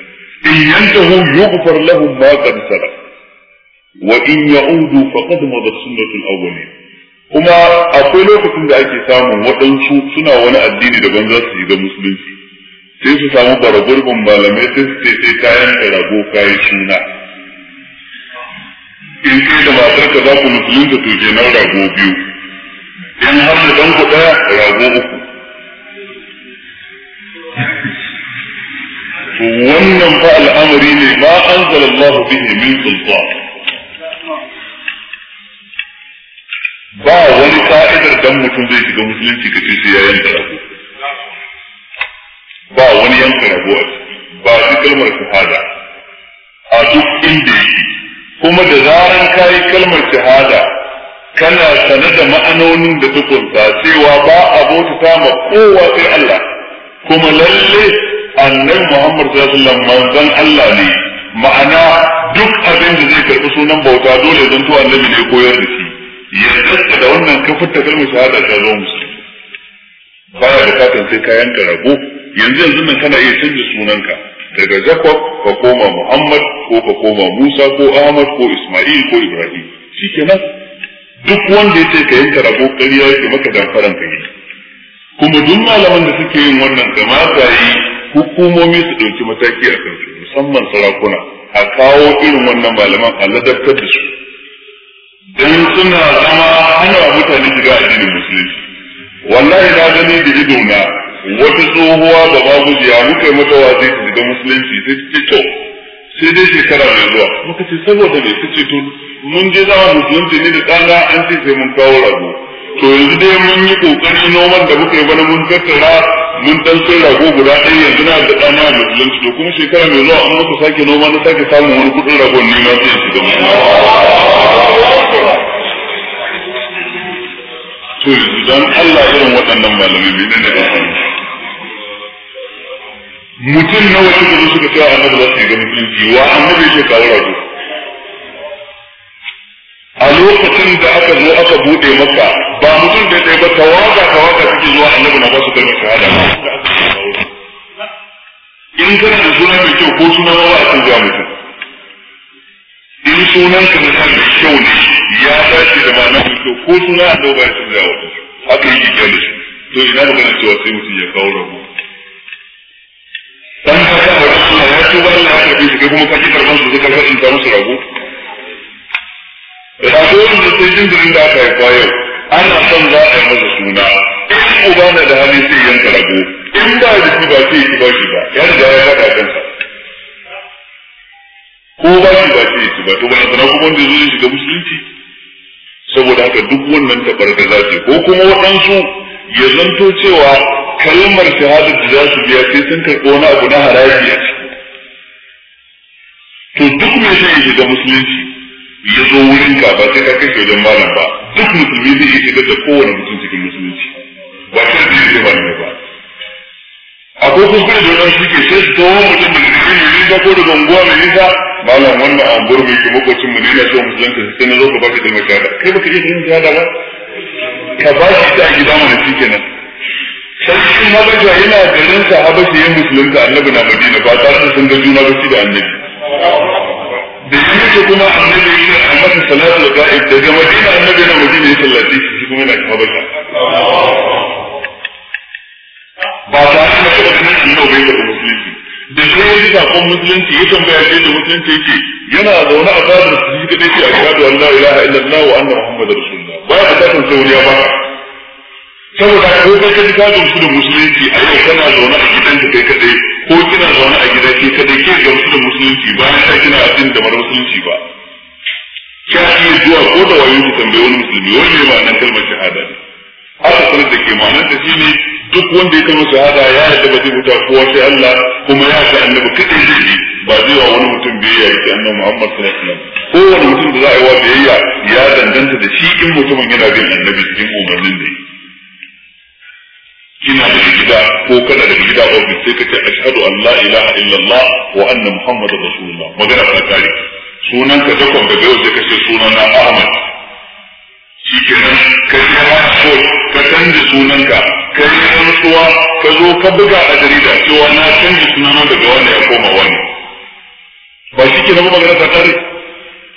S1: in yantahu yughfar lahum ma qad salaf wa in ya'udu faqad madat sunnatul awwalin kuma akwai lokacin da ake samun waɗansu suna wani addini daban za su yi ga musulunci sai su samu baragurbin malamai sai su ce sai kayan da rago kayan suna in kai da matarka za ku musulunta to kenan rago biyu in har da ɗan ku ɗaya rago uku wannan
S2: fa al'amari ne ma
S1: anzala Allah bihi min sultan ba wani ka'idar dan mutum zai shiga musulunci ka ce sai ya yanka ba wani yanka rabuwa ba shi kalmar shahada a duk inda yake kuma da zaran ka yi kalmar shahada kana sane da ma'anonin da ta kunsa cewa ba a bauta ma kowa sai Allah kuma lalle annabi Muhammad sallallahu alaihi wasallam Allah ne ma'ana duk abin da zai karɓi sunan bauta dole zan to annabi ne koyar da shi yadda da wannan ka fita kalmar shahada ta zo musulmi baya bukatan sai ka yanka rago yanzu yanzu nan kana iya canza sunanka daga jakob ka koma muhammad ko ka koma musa ko ahmad ko isma'il ko ibrahim shikenan duk wanda ya ce ka yanka rago ƙarya yake maka damfaran ka yi kuma
S2: duk malaman da suke
S1: yin wannan kamata yi hukumomi su ɗauki mataki a kansu musamman sarakuna a kawo irin wannan malaman a ladabtar da su in suna zama hana mutane shiga addinin musulunci wallahi na gani da ido na wata tsohuwa da babu jiya muka yi mata wazi ta shiga musulunci sai ce to sai dai shekara mai zuwa muka ce saboda me ta ce to mun je zama musulunci ne da ɗana an ce sai mun kawo rago to yanzu dai mun yi kokari noman da muka yi bana mun tattara mun dan sai rago guda ɗaya yanzu na da ɗana a musulunci to kuma shekara mai zuwa an muka sake noma na sake samun wani kuɗin ragon ne na zai shiga musulunci to yanzu don Allah irin waɗannan malamai mai nan da amfani mutum na wani da suka cewa annabi za su yi ganin kinki wa annabi ya kawo rajo a lokacin da aka zo aka bude maka ba mutum da ɗaya ba tawaga tawaga suke zuwa annabi na ba su kalmar shahada in kana da suna mai kyau ko suna wawa a cikin zuwa mutum in sunan ka na kan kyau ne ya dace da ba na mutu ko suna a ba ya canza wa haka yake kyale shi to ina gani cewa sai mutum ya kawo rabu
S2: dan ka ga wani suna ya tuba
S1: Allah ya karbi shi kai kuma kake karban su zaka karbi ta musu rabu zo da sai jinjirin da aka haifa yau ana son za a yi masa suna in uba na da hali sai yanka rabu in ba da shi ba sai ya ba shi ba ya yi ya faɗa kansa ko ba shi ba shi ba to ba na kuma wanda zai shiga musulunci saboda haka duk wannan da ce ko
S2: kuma waɗansu
S1: ya zanto cewa kalmar shahada da za su biya sai sun karɓi wani abu na haraji a ciki to duk mai zai ya shiga musulunci ya zo wurin ka ba sai ka kai wajen malam ba duk musulmi zai iya shiga da kowane mutum cikin musulunci ba sai da yake ba ne ba akwai kuskure da wani suke sai su tawo mutum da jirgin ne nisa ko da unguwa mai nisa malam wannan an burbe ki makocin mu ne na so mu sai na zo ka baki kalmar shahada kai baka iya kalmar shahada ba ka ba shi ta gida mana shi kenan sarkin habasha yana garin sa habasha yin musulunta annabi na madina ba tare da sun ga juna ba shi da annabi da shi ke kuma annabi yana a masa salatu da ga'ib daga madina annabi na madina ya sallace shi kuma yana habasha ba tare da kuma annabi bai da musulunci
S2: da shi ji sakon musulunci
S1: ya tambaya ce da musulunci yake yana zaune a fadar su ji kadai ce ashhadu an la ilaha illallah wa na muhammadar rasulullah baya bukatar sauriya ba
S2: saboda ko kai ka ji ka gamsu
S1: da musulunci a yau kana zaune a gidan ka kai kadai ko kina zaune a gida ke kadai ke gamsu da musulunci ya sa kina abin da mara musulunci ba ka iya zuwa ko da wayo ku tambaye wani musulmi wani ne ma'anar kalmar shahada ne aka sanar da ke ma'anar ta ne duk wanda ya kalmar shahada ya yarda ba zai huta kowa sai Allah kuma ya ga annabi kadai zai yi ba zai wa wani mutum bai biyayya ga annabi Muhammad sallallahu alaihi wasallam kowane mutum da za a yi wa biyayya ya danganta da shi in mutumin yana bin annabi cikin umarnin da yi ina da gida ko kana da gida ofis sai kace ashhadu an la ilaha illallah wa anna muhammadar rasulullah magana ta kare sunan ka dakon daga yau sai kace sunan na ahmad shikenan kai ka so ka canza sunanka ka yi rantsuwa ka zo ka buga a jarida cewa na canji sunana daga wani ya koma wani ba shi ke zama magana ta kare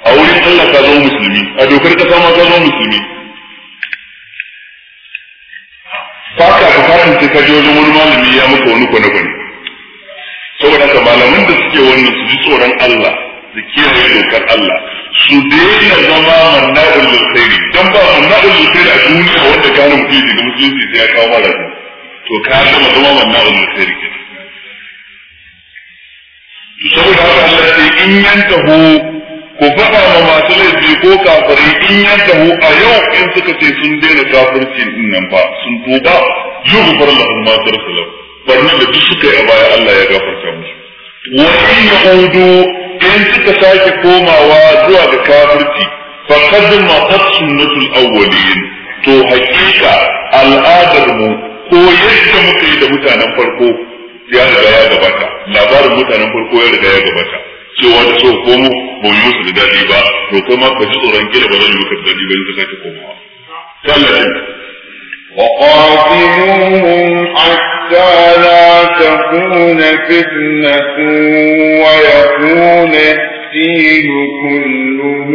S1: a wurin Allah ka zama musulmi a dokar kasa ma ka zama musulmi ba ka ka karanta ka je wajen wani malami ya maka wani kwane-kwane saboda ka malamin da suke wannan su ji tsoron Allah da kiyaye dokar Allah su daina zama manna'ul lilkhairi dan ba manna'ul lilkhairi a duniya wanda kana mutum da musulunci sai ya kawo mara to ka zama zama manna'ul lilkhairi
S2: saboda haka Allah sai in hu, ko faɗa ma masu laifi ko kafiri in
S1: hu, a yau in suka ce sun daina kafirci din nan ba sun tuba yughfar lahum ma tarsalam barnan da duk suka yi a baya Allah ya gafarta musu wa in yaudu in suka sake komawa zuwa ga kafirci fa qad matat sunnatul awwalin to hakika al'adar mu ko yadda muka yi da mutanen farko ya riga ya gabata labarin mutanen farko ya riga ya gabata cewa da so komo ba mu musu da dadi ba to kai ma ka ji tsoron kila ba zan yi maka dadi ba in ka sake komawa
S2: sallallahu وقاتلوهم حتى لا تكون فتنة ويكون الدين كله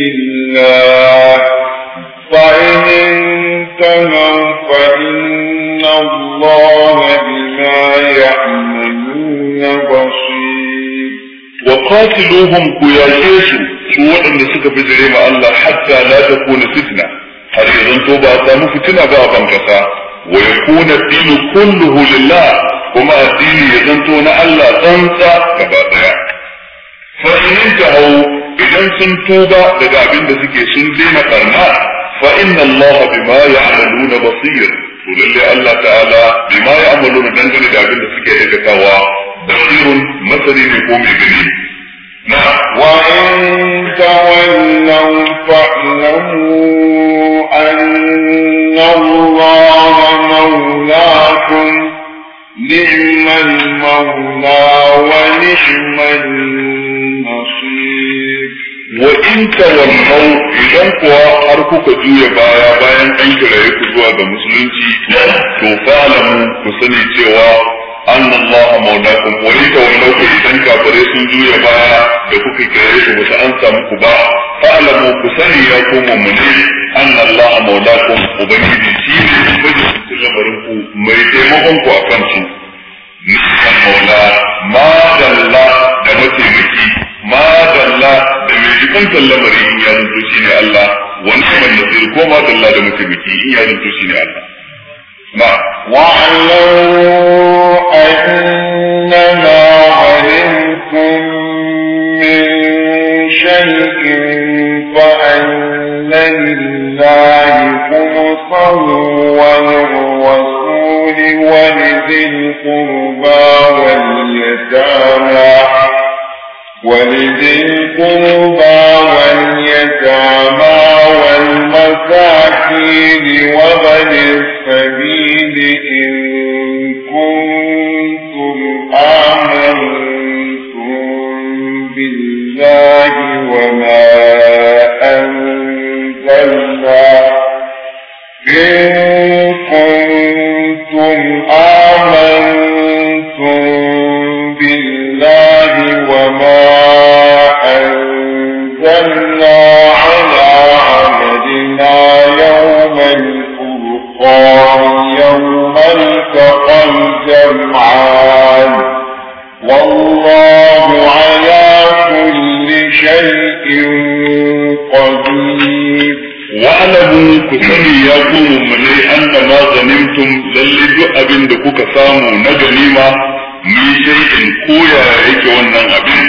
S2: لله فإن انتهوا فإن الله بما يعملون بصير وقاتلوهم قياشيسوا سوء أن سكب بجريم الله حتى لا
S1: تكون فتنة هل توبا بأسامه فتنة بأبا كسا ويكون الدين كله لله وما الدين ya الله تنسى كبابا فإن تهوا
S2: إذا سنتوبا
S1: لدعبين ذلك سنزين قرناء فإن الله بما يعملون بصير ولله الله تعالى بما يعملون دنجل دعبين ذلك يكتوا بصير مثلي لقوم بني
S2: نعم وإن تولوا فاعلموا أن الله مولاكم نعم المولى ونعم النصير وإن تولوا إذا
S1: كوا أركوك جوية بايا بايا أن كلايك زوا بمسلمتي تفعلموا
S2: كسني تيوا أن الله مولاكم وإن تولوا إذا كافرين
S1: جوية بايا لكوك كلايك وسأنسى مكبا فاعلموا كسني يكون مؤمنين an Allah maulakun ubangiji shi ne ubangiji lamarin ku mai taimakon ku a kansu nisan maula ma dalla da mataimaki ma dalla da mai jikin lamari in ya zanto shi ne Allah wani man nasir ko ma dalla da mataimaki in ya zanto shi ne Allah
S2: na wa'alamu annama alimtum min shay'in فأن لله خمسه ويرسل الرسول ولذي القربى واليتامى ولذي القربى واليتامى والمساكين وابن السبيل جمعان والله على كل شيء قدير واعلموا كسني يا قوم مني أن ما غنمتم للي
S1: أبن دكوك سامو نغنيمة من شيء كويا يكي ونن أبن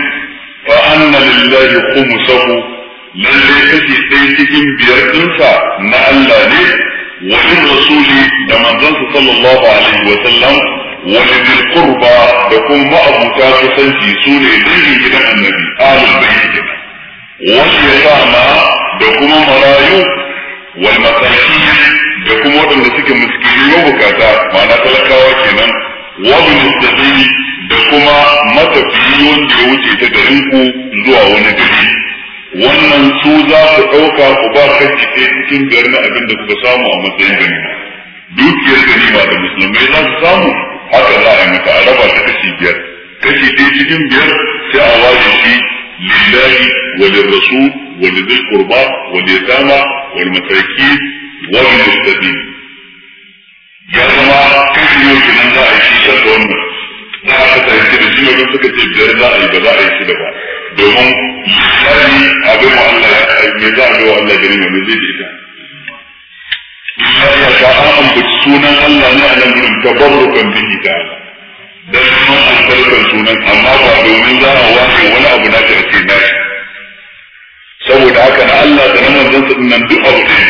S1: فأن لله خمسه للي كسي تيتهم بيردنسا نعلا ليه وإن وللرسول da manzon su sallallahu alaihi wa sallam wani bil qurba
S2: da kuma ma'abuta kusanci su ne dangin gidan annabi ahlul bayt kenan wani yatama da kuma marayu
S1: wal masakin da kuma waɗanda suke miskinai mabukata ma'ana talakawa kenan wani mustafi da kuma matafiyi wanda ya wuce ta garin ku zuwa wani gari wannan su za ku ɗauka ku ba kai cikin garin abin da kuka samu a matsayin ganima dukiyar ganima da musulmai za su samu haka za a yi mata a raba ta kashi biyar kashi ɗaya cikin biyar sai a waje shi lillahi wa lirrasul wa lidil qurba wa liyatama wal masakin wa lil ya zama kashi yau kenan za a yi shi ta wannan za a kasa yi da shi wajen suka ce biyar za a yi ba za a yi shi da ba domin misali abin wa Allah ya za a bai wa Allah ganima ne zai da ita ya ta an ambaci sunan Allah ne a nan gurin tabarrukan bihi ta'ala dan kuma albarkar sunan amma ba domin za a ware wani abu na ta ce shi. saboda haka na Allah da na manzon sa nan duk abu ne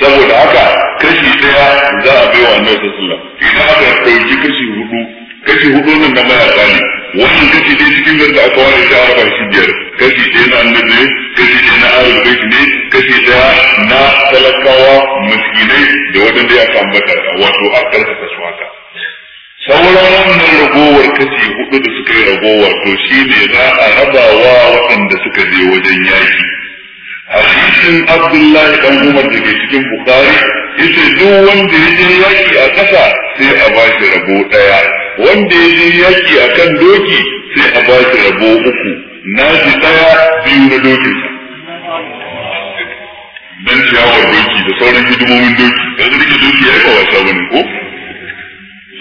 S1: saboda haka kashi daya za a bai wa Annabi sallallahu alaihi wasallam idan aka ɗauki kashi hudu kashi hudu nan da mayaka ne wannan kashi dai cikin biyar da aka ware a araba shi biyar kashi ɗaya na annabi ne kashi ɗaya na arab ne kashi ɗaya na talakawa miskinai da wajen da ya ambata wato a karkata su haka sauran wannan ragowar kashi hudu da suka yi ragowar to shi ne za a rabawa waɗanda suka je wajen yaki hadisin abdullahi dan umar da ke cikin bukari yace duk wanda ya je yaki a ƙasa sai a bashi rabo ɗaya wanda ya je yaki kan doki sai a ba shi rabo uku na shi daya biyu na sa dan ciyawar doki da sauran hidimomin doki da rike doki ya yi kawai sabon ko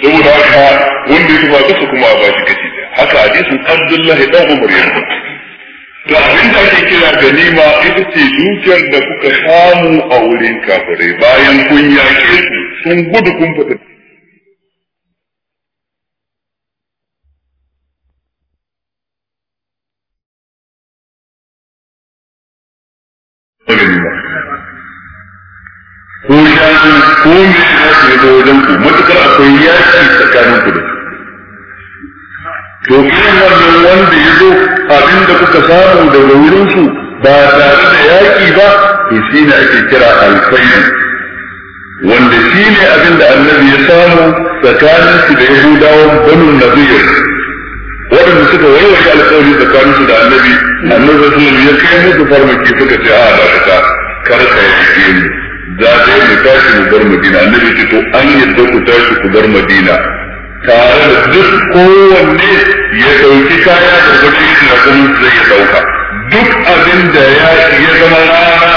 S1: saboda haka wanda ya kuma kasa kuma a ba shi kashi haka a hadisin Abdullahi dan Umar ya ta abin da ake kira ganima ita ce dukiyar da kuka samu a wurin kafirai bayan kun yaƙe su sun gudu kun fita
S2: gani ba ko shanu ko me za su zo wajen ku
S1: matuƙar akwai yaki tsakanin ku da to kuma wannan wanda ya zo abin da kuka samu daga wurinsu ba tare da yaki ba to shi ne ake kira wanda shi ne abin da annabi ya samu tsakanin da yahudawan banu nazir waɗanda suka wayewace alƙawari tsakanin su da annabi annabi yi ya kai musu farmaki suka ce a dakata kar ka yi mu za ta yi mu tashi mu bar madina annabi ce to an da ku tashi ku bar madina tare da duk kowanne ya ɗauki kaya da gudu na kuma zai ya ɗauka duk abin da ya zama rana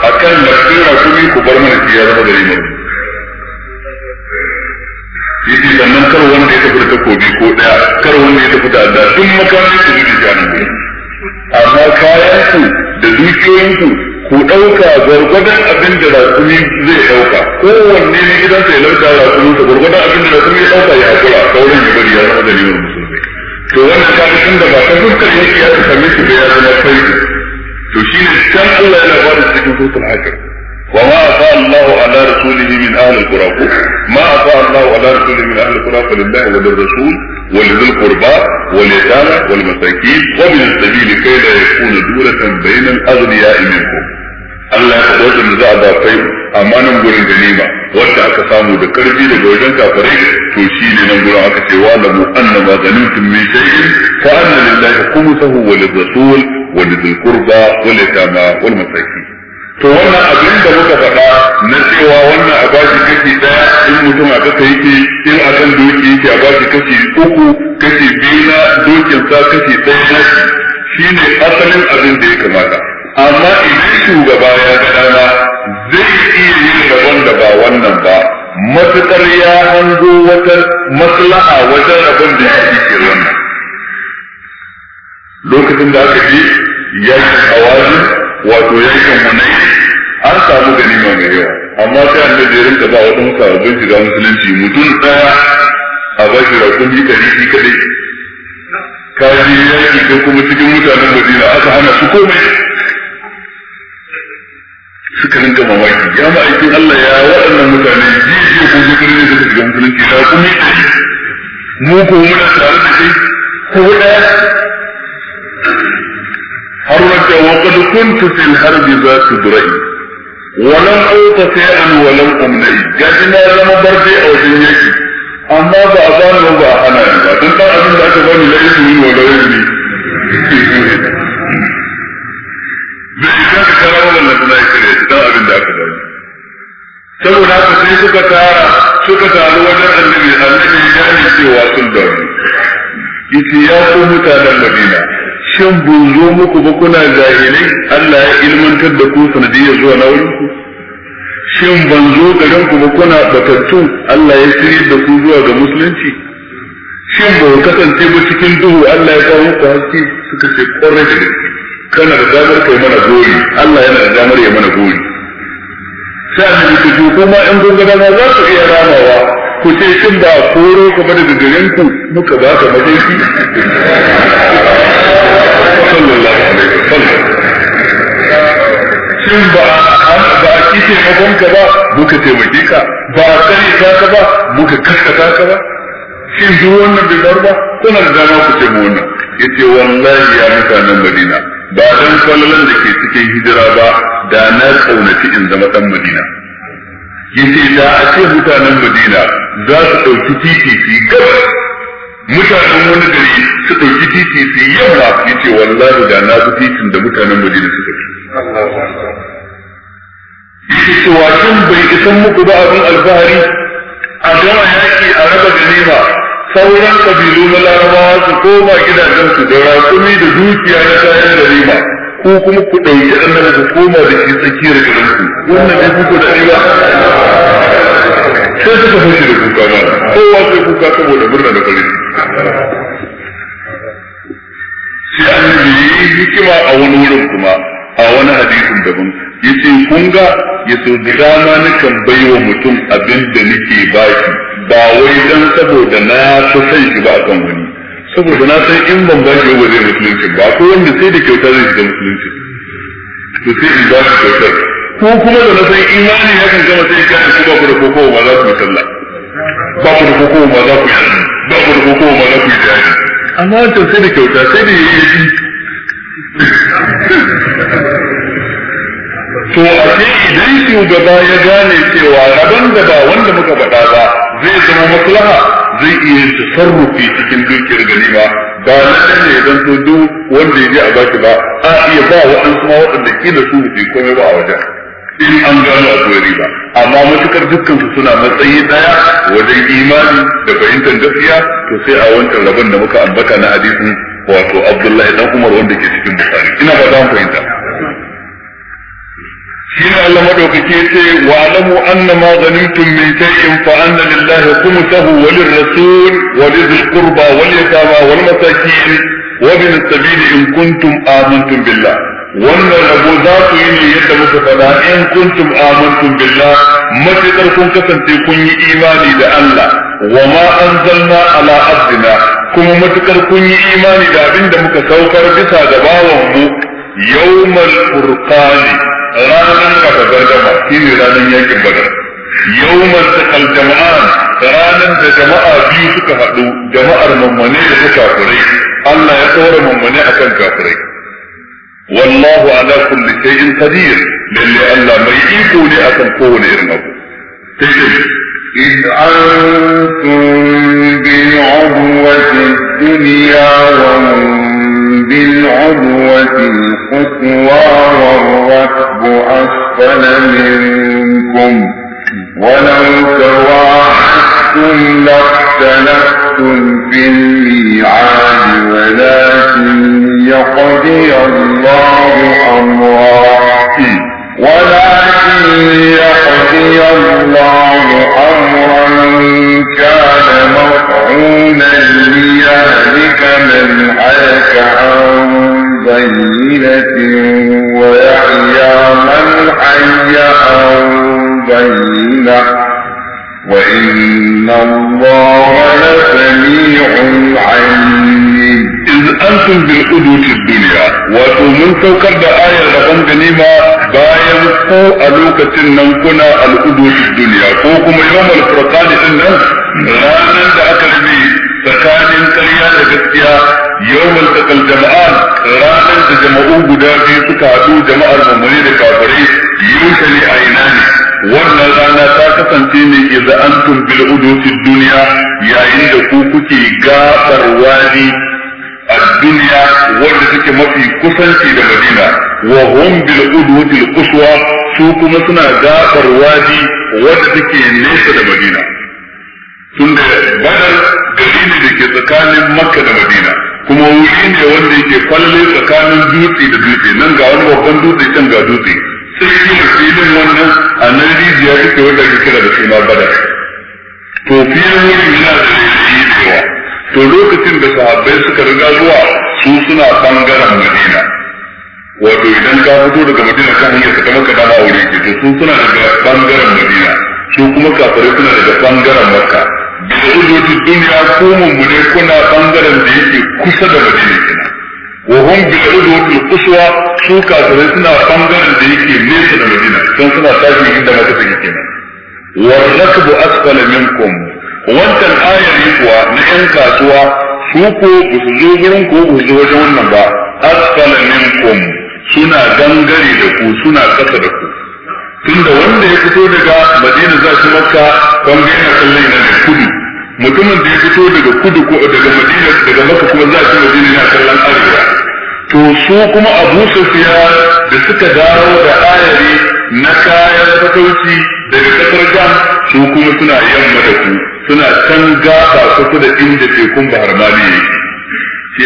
S1: a kan lafiyar kuma ku bar mana ya da gari mai yake sannan kar wanda ya tafi da takobi ko daya kar wanda ya tafi da adda duk makamin su zubi kanin gudu amma kayan su da dukiyoyin su ku ɗauka gwargwadon abin da rasumi zai ɗauka kowanne ne idan ya lauta rasumi da gwargwadon abin da rasumi ya ɗauka ya haƙura sauran ya bari ya zama da yiwuwar musulmai to wannan kaga tun da ba ta fuskar yake ya ta same shi ba ya zama kai to shine can Allah yana ba da cikin hutun hakan وما أطاع الله على رسوله من أهل القرى ما أطاع الله على رسوله من أهل القرى فلله وللرسول ولذي القربى واليتامى والمساكين ومن السبيل كي لا يكون دولة بين الأغنياء منكم Allah ya faɗo da za a ba kai amanan gurin ganima wanda aka samu da karfi daga wajen kafirai to shi ne nan gurin aka ce wa lamu anna ma ganimtum min shay'in fa anna lillahi khumsahu wa lirrasul wa lidhil qurba wal wal masakin to wannan abin da muka faɗa na cewa wannan a bashi kashi ɗaya in mutum a kasa yake in a kan doki yake a bashi kashi uku kashi biyu na dokin sa kashi ɗaya na shi ne asalin abin da ya kamata amma idan shugaba ya ga dama zai iya yin rabon da ba wannan ba matuƙar ya hango wata maslaha wajen rabon da ya ke wannan lokacin da aka je a awazin wato yankin hunai an samu ma mai yawa amma sai an ya rinka ba a sababbin shiga musulunci mutum ɗaya a ba rakun rakumi ɗari shi kaɗai kaji yaki ko kuma cikin mutanen madina aka hana su komai suka rinka mamaki ya ma'aikin Allah ya waɗannan mutane ji ko zukurin ne suka shiga musulunci ta kuma yi mu ko muna tare da kai ko ɗaya har wata wa qad kuntu fil harbi za tudrai walam sai an walan umnai gashi na zama barbe a wajen yaki amma ba a gano ba hana ni ba don dan abin da aka bani la ismi wa la ismi bai ka ka kara wannan na suna kare dan abin da aka bani saboda haka sai suka tara suka taru wajen annabi annabi ya ne cewa sun dawo yace ya ku mutanen Madina shin bai zo muku ba kuna jahilai Allah ya ilmantar da ku sanadiyar zuwa na wurin ku shin ban zo garin ku ba kuna batattu Allah ya shirye da ku zuwa ga musulunci shin ba ku kasance ba cikin duhu Allah ya kawo muku haske suka ce kwarai da kana da damar kai mana gori Allah yana da damar ya mana gori sai annabi ku kuma in gunga dama za su iya ramawa ku ce shin da koro kuma daga garin ku muka ba ka mataki sallallahu alaihi wasallam shin ba ba ki ce magan ka ba muka taimake ka ba kare ka ka ba muka kaskata ka ba shin duk wannan bai bar ba kuna da dama ku ce mu wannan yace wallahi ya mutanen Madina ba dan kwallalan da ke cikin hijira ba da na kaunaci in zama dan Madina yace da a ce mutanen Madina za su ɗauki titi su gabas mutanen wani gari su ɗauki titi su yamma yace wallahi da na fi titin da mutanen Madina suka ci. Yace cewa bai isan muku ba abin alfahari a gama yaki a raba ganima sauran kabilu na larabawa su koma gidajensu da raƙumi da dukiya na kayan ganima ko kuma ku ɗauki da ku koma da shi tsakiyar da ku wannan ne kuku da ni ba sai suka fashe da kuka ma kowa sai kuka saboda murna da fari. shi an yi hikima a wani wurin kuma a wani hadisin daban ce kun ga ya so da dama nakan bai wa mutum abin da nake ba shi ba wai dan saboda na fi san shi ba kan wani saboda na san in ban ba shi ba zai musulunci ba ko wanda sai da kyauta zai shiga musulunci to sai in ba shi kyautar ko kuma da na san imani ya kan gama sai ka ku ba ku da koko ba za ku yi sallah ba ku da koko ba za ku yi
S2: ba ku da koko ba za ku yi jari
S1: amma wancan sai da kyauta sai da yayi shi to a ce idan shugaba ya gane cewa rabon da ba wanda muka faɗa ba zai zama maslaha zai iya yin tasarrufi cikin dukiyar ganima ba lalle ne idan to duk wanda ya a baki ba a iya ba waɗansu ma ke da su ne komai ba a wajen in an gano akwai riba amma matukar dukkansu suna matsayi daya wajen imani da fahimtar gaskiya to sai a wancan rabon da muka ambata na hadisin wato Abdullahi dan Umar wanda ke cikin Bukhari ina ba za fahimta shi ne Allah madaukaki ya ce wa alamu anna ma ghanimtum min shay'in fa lillahi khumsahu wa lirrasul wa lidhil qurba wal in wannan rabo za ku yi ne yadda muka faɗa in kuntum amantum billah matuƙar kun kasance kun yi imani da Allah wa ma anzalna ala abdina kuma matuƙar kun yi imani da abin da muka saukar bisa ga bawanmu yawmal furqani ranar suka babbar gama shi ne ranar yakin badar yawman takal jama'an ranar da jama'a biyu suka haɗu jama'ar mummune da ta kafirai Allah ya tsora mummune akan kafirai wallahu ala kulli shay'in qadir lalle
S2: Allah mai iko ne akan kowane irin abu sai إذ أنتم بالعروة الدنيا ومن بالعروة القسوى والركب أسفل منكم ولو تواعدتم لاختلفتم في الميعاد ولكن يقضي الله أمرا
S1: ولكن يقضي الله أمرا
S2: كان مفعولا ليهلك من هلك عن بينة ويحيى من حي عن بينة وإن الله لسميع عليم إذ أنتم
S1: بالقدوة الدنيا وتؤمن توكل بآية لكم بنيمة bayan ko a lokacin nan kuna al'ududu duniya ko kuma yawmal furqani din nan ranar da aka rabe tsakanin karya da gaskiya yawmal taqal jama'an ranar da jama'u guda biyu suka haɗu jama'ar mummuni da kafirai yunta ne a ina ne wannan rana ta kasance ne idan antum bil udufi duniya yayin da ku kuke gafarwani ad-dunya wanda take mafi kusanci da Madina wa hum bil udwati al su kuma suna gabar wadi wanda take nesa da Madina tunda Badar gari da ke tsakanin Makka da Madina kuma wuri ne wanda yake kwalle tsakanin dutse da dutse nan ga wani babban dutse can ga dutse sai yi filin wannan a nan rijiya take wanda ake kira da suna Badar to filin wurin yana da yawa to lokacin da sahabbai suka riga zuwa su suna bangaren madina wato idan ka fito daga madina kan hanyar ka maka dama aure ke to su suna daga bangaren madina su kuma kafirai suna daga bangaren makka da ujoji duniya ko mummune kuna bangaren da yake kusa da madina kina wa hum bil udwati quswa su kafirai suna bangaren da yake nesa da madina sun suna tashi inda maka take kenan
S2: wa rakbu
S1: asfala minkum wancan ayar yi kuwa na yan kasuwa su ko ba su zo gurin ko ba su zo wajen wannan ba asfala minkum suna gangare da ku suna kasa da ku tunda wanda ya fito daga madina za shi makka kan ga yana kallon yana da kudu mutumin da ya fito daga kudu ko daga madina daga makka kuma za shi madina yana kallon arewa to su kuma abu sufiya da suka dawo da ayari na kayan fatauci daga kasar jam su kuma suna yamma da ku suna can gaba kusa da inda tekun bahar mali ne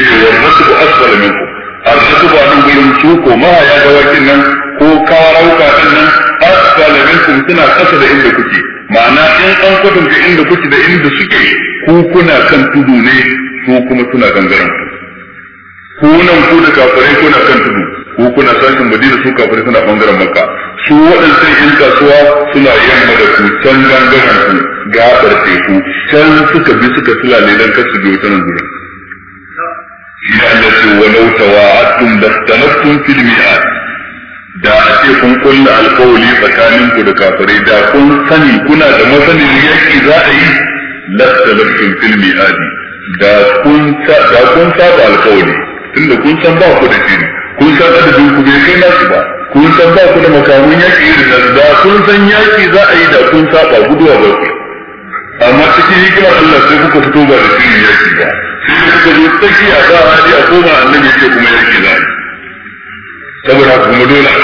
S1: shi ne wannan su asfala minku har da su ba nan gurin su ko ga dawakin nan ko karauka din nan asfala ku suna kasa da inda kuke ma'ana in an kwatanta inda kuke da inda suke ku kuna kan tudu ne su kuma suna gangaren ku nan ku da kafirai kuna kan tudu ku kuna sashin madina su kafirai suna bangaren makka su waɗancan ‘yan kasuwa suna yamma da ku can gangaren ga gaɓar teku can suka bi suka ne don kasu biyu ta nan gudun. Shi ne Allah ce walau tawa'atun da tanaftun filmi a da a ce kun kulla alkawali tsakanin ku da kafirai da kun sani kuna da masanin yaki za a yi lastalaftun filmi a da kun saba alkawali tunda kun san ba ku da shi kun san adadin ku bai kai nasu ba kun san ba ku da makamun yaƙi irin nan da kun san yaƙi za a yi da kun saba guduwa ba ku amma cikin hikima Allah sai kuka fito ba da cikin yaƙi ba sai kuka zo a za a hali a koma annabi ce kuma yaƙi za saboda kuma dole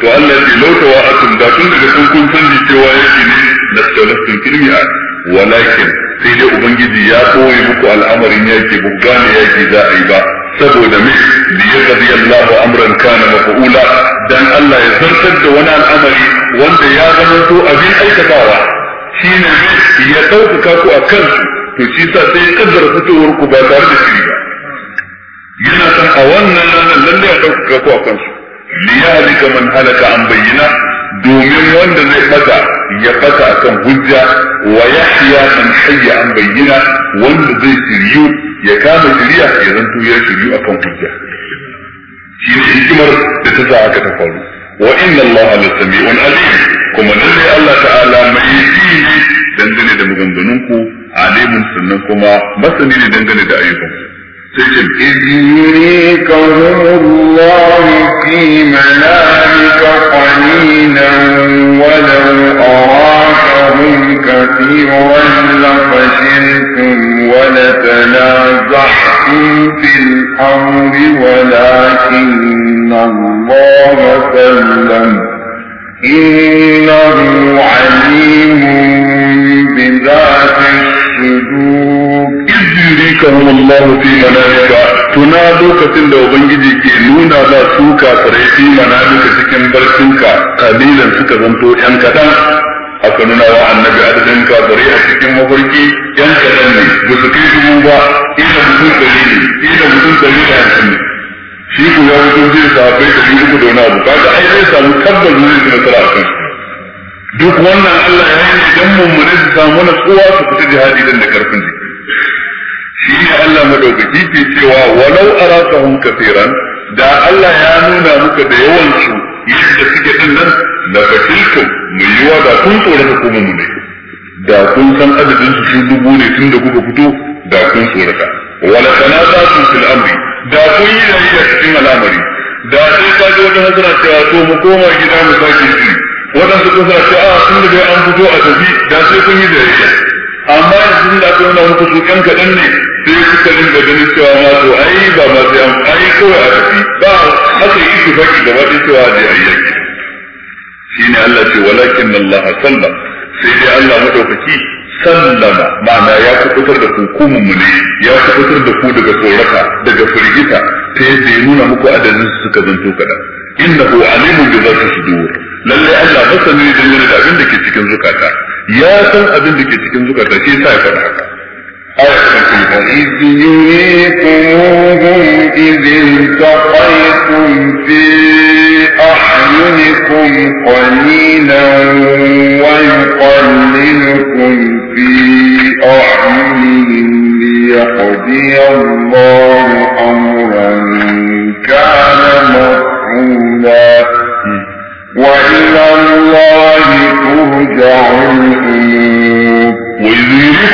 S1: to Allah ya ce wa akum da tun daga kun kun san cewa yaƙi ne na tsaunastun kirmiya walakin sai dai ubangiji ya koyi muku al'amarin yaƙi buga gane yaƙi za a yi ba saboda me li yaqdi Allahu amran kana maf'ula dan Allah ya zartar da wani al'amari wanda ya zama to abin aikatawa shine me ya dauka ku kansu, to shi sa sai kaddara fitowar ku ba tare da shiri ba yana san a wannan ranar lalle ya dauka ku akan su li man halaka an bayyana domin wanda zai fata ya ɓata akan hujja wa yahya man hayya an bayyana wanda zai shiryu ya kama shirya ya zanto ya shiryu akan hujja shi ne hikimar da ta sa ta faru wa inna allaha la sami'un alim kuma nan ne Allah ta'ala mai yi ne dangane da maganganunku alimun sannan kuma masani ne dangane da ayyukanku
S2: إذ يريكهم الله في منامك قليلا ولو أراكهم كثيرا لفشلتم ولتنازعتم في الأمر ولكن الله سلم إنه عليم بذات الشدود yurikahum Allah fi manamika tuna lokacin
S1: da ubangiji ke nuna za su kafirai fi manamika cikin barcinka kalilan suka zanto yan kadan aka nuna wa annabi adadin kafirai a cikin mafarki yan kadan ba su kai dubu ba ina ku ai duk wannan Allah ya yi idan mummune su samu natsuwa su fita jihadi dan da karfin jiki shi ne Allah madaukaki ke cewa walau aratahum kafiran da Allah ya nuna muka da yawancin yin yadda suke din nan da fatilkum mu yiwa da kun tsoron da mu ne da kun san adadin su dubu ne tun da kuka fito da kun tsora ka wala su fil amri da kun yi da cikin al'amari da sai ka ji wata hazara cewa to mu koma gida mu sake shi waɗansu kun sa ce a tun da dai an fito a tafi da sai kun yi da amma yanzu da aka nuna muku su ɗan kaɗan ne sai suka rinka ganin cewa ma to ai ba ma sai an ai kawai a tafi ba haka yake su faki gaba ɗaya cewa da ai yanki shi ne Allah ce walakin Allah sallam sai dai Allah madaukaki sallama ma'ana ya kubutar da ku mummune ya kubutar da ku daga tsoraka daga firgita ta yadda ya nuna muku adadin su suka zanto kaɗan innahu alimun bi zati sudur lalle Allah masani ne da abin da ke cikin zukata ya san abin da ke cikin zukata shi sa ya faɗa
S2: haka إذ يريكموهم إذ التقيتم في أحينكم قليلا ويقللكم في أحينهم ليقضي الله أمرا كان مفعولا وإلى الله ترجع الأمر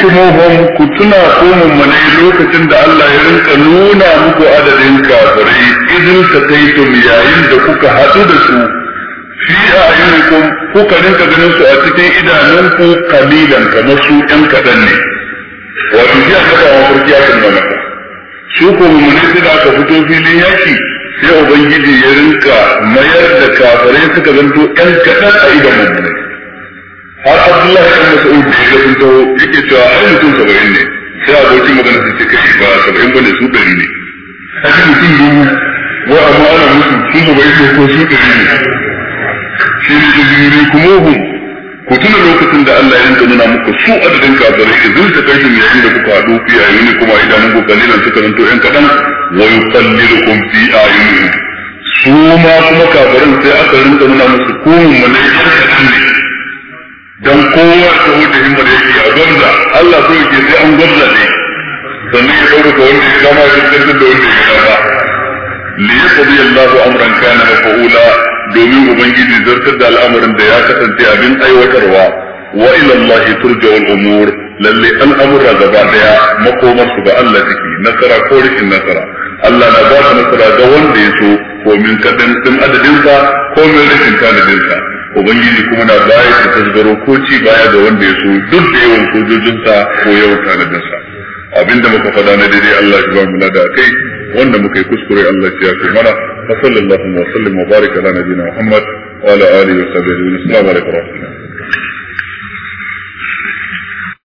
S2: yahsumuhum ku tuna ko mummunai lokacin da Allah ya rinka nuna muku adadin
S1: kafirai idan ka taito yayin da kuka haɗu da su fi ko kuka rinka ganin su a cikin ku kalilan kamar su ɗan kaɗan ne wato ji a kafa mafarki ya kan mana su ko mummunai ne da ka fito filin yaki sai ubangiji ya rinka mayar da kafirai suka zanto ɗan kaɗan a idan mummunai har abdullahi ibn mas'ud ya fito yake cewa ai mutum saba'in ne sai abokin magana sun ce kai ba saba'in bane su ɗari ne a cikin mutum biyu wa amma ana musu su saba'in ne ko su ɗari ne shi ne da jiri kuma hun ku tuna lokacin da Allah ya nuna muku su adadin kafirai da zai tafi shi yayin da kuka haɗu fi ayyuni kuma idanun ku kalilan suka zanto ƴan kaɗan wa yuqallilukum fi ayyuni su ma kuma kafirin sai aka rinka nuna musu ko mun ne dan kowa ta hudu himmar yake a gwamza Allah so yake sai an gwamza ne sannan ya ɗaura ka wanda ya kama ya tattar da wanda ya kama liyaqdi Allahu amran kana mafa'ula domin ubangiji zartar da al'amarin da ya kasance abin aiwatarwa wa ila Allah turja'ul umur lalle al'amura gaba daya makomar su ga Allah take nasara ko rikin nasara Allah na ba nasara ga wanda ya so ko min kadan din adadin sa ko min rikin kanadin ubangiji kuma na baya da tasgaro ko ci baya da wanda ya so duk da yawan kojojinsa ko yawan tanadinsa abinda muka faɗa na daidai Allah ya ba mu a kai wanda muka yi kuskure Allah ya fi mana wa sallallahu wa sallam wa baraka ala nabiyina Muhammad wa ala alihi wa sahbihi wa sallam alaikum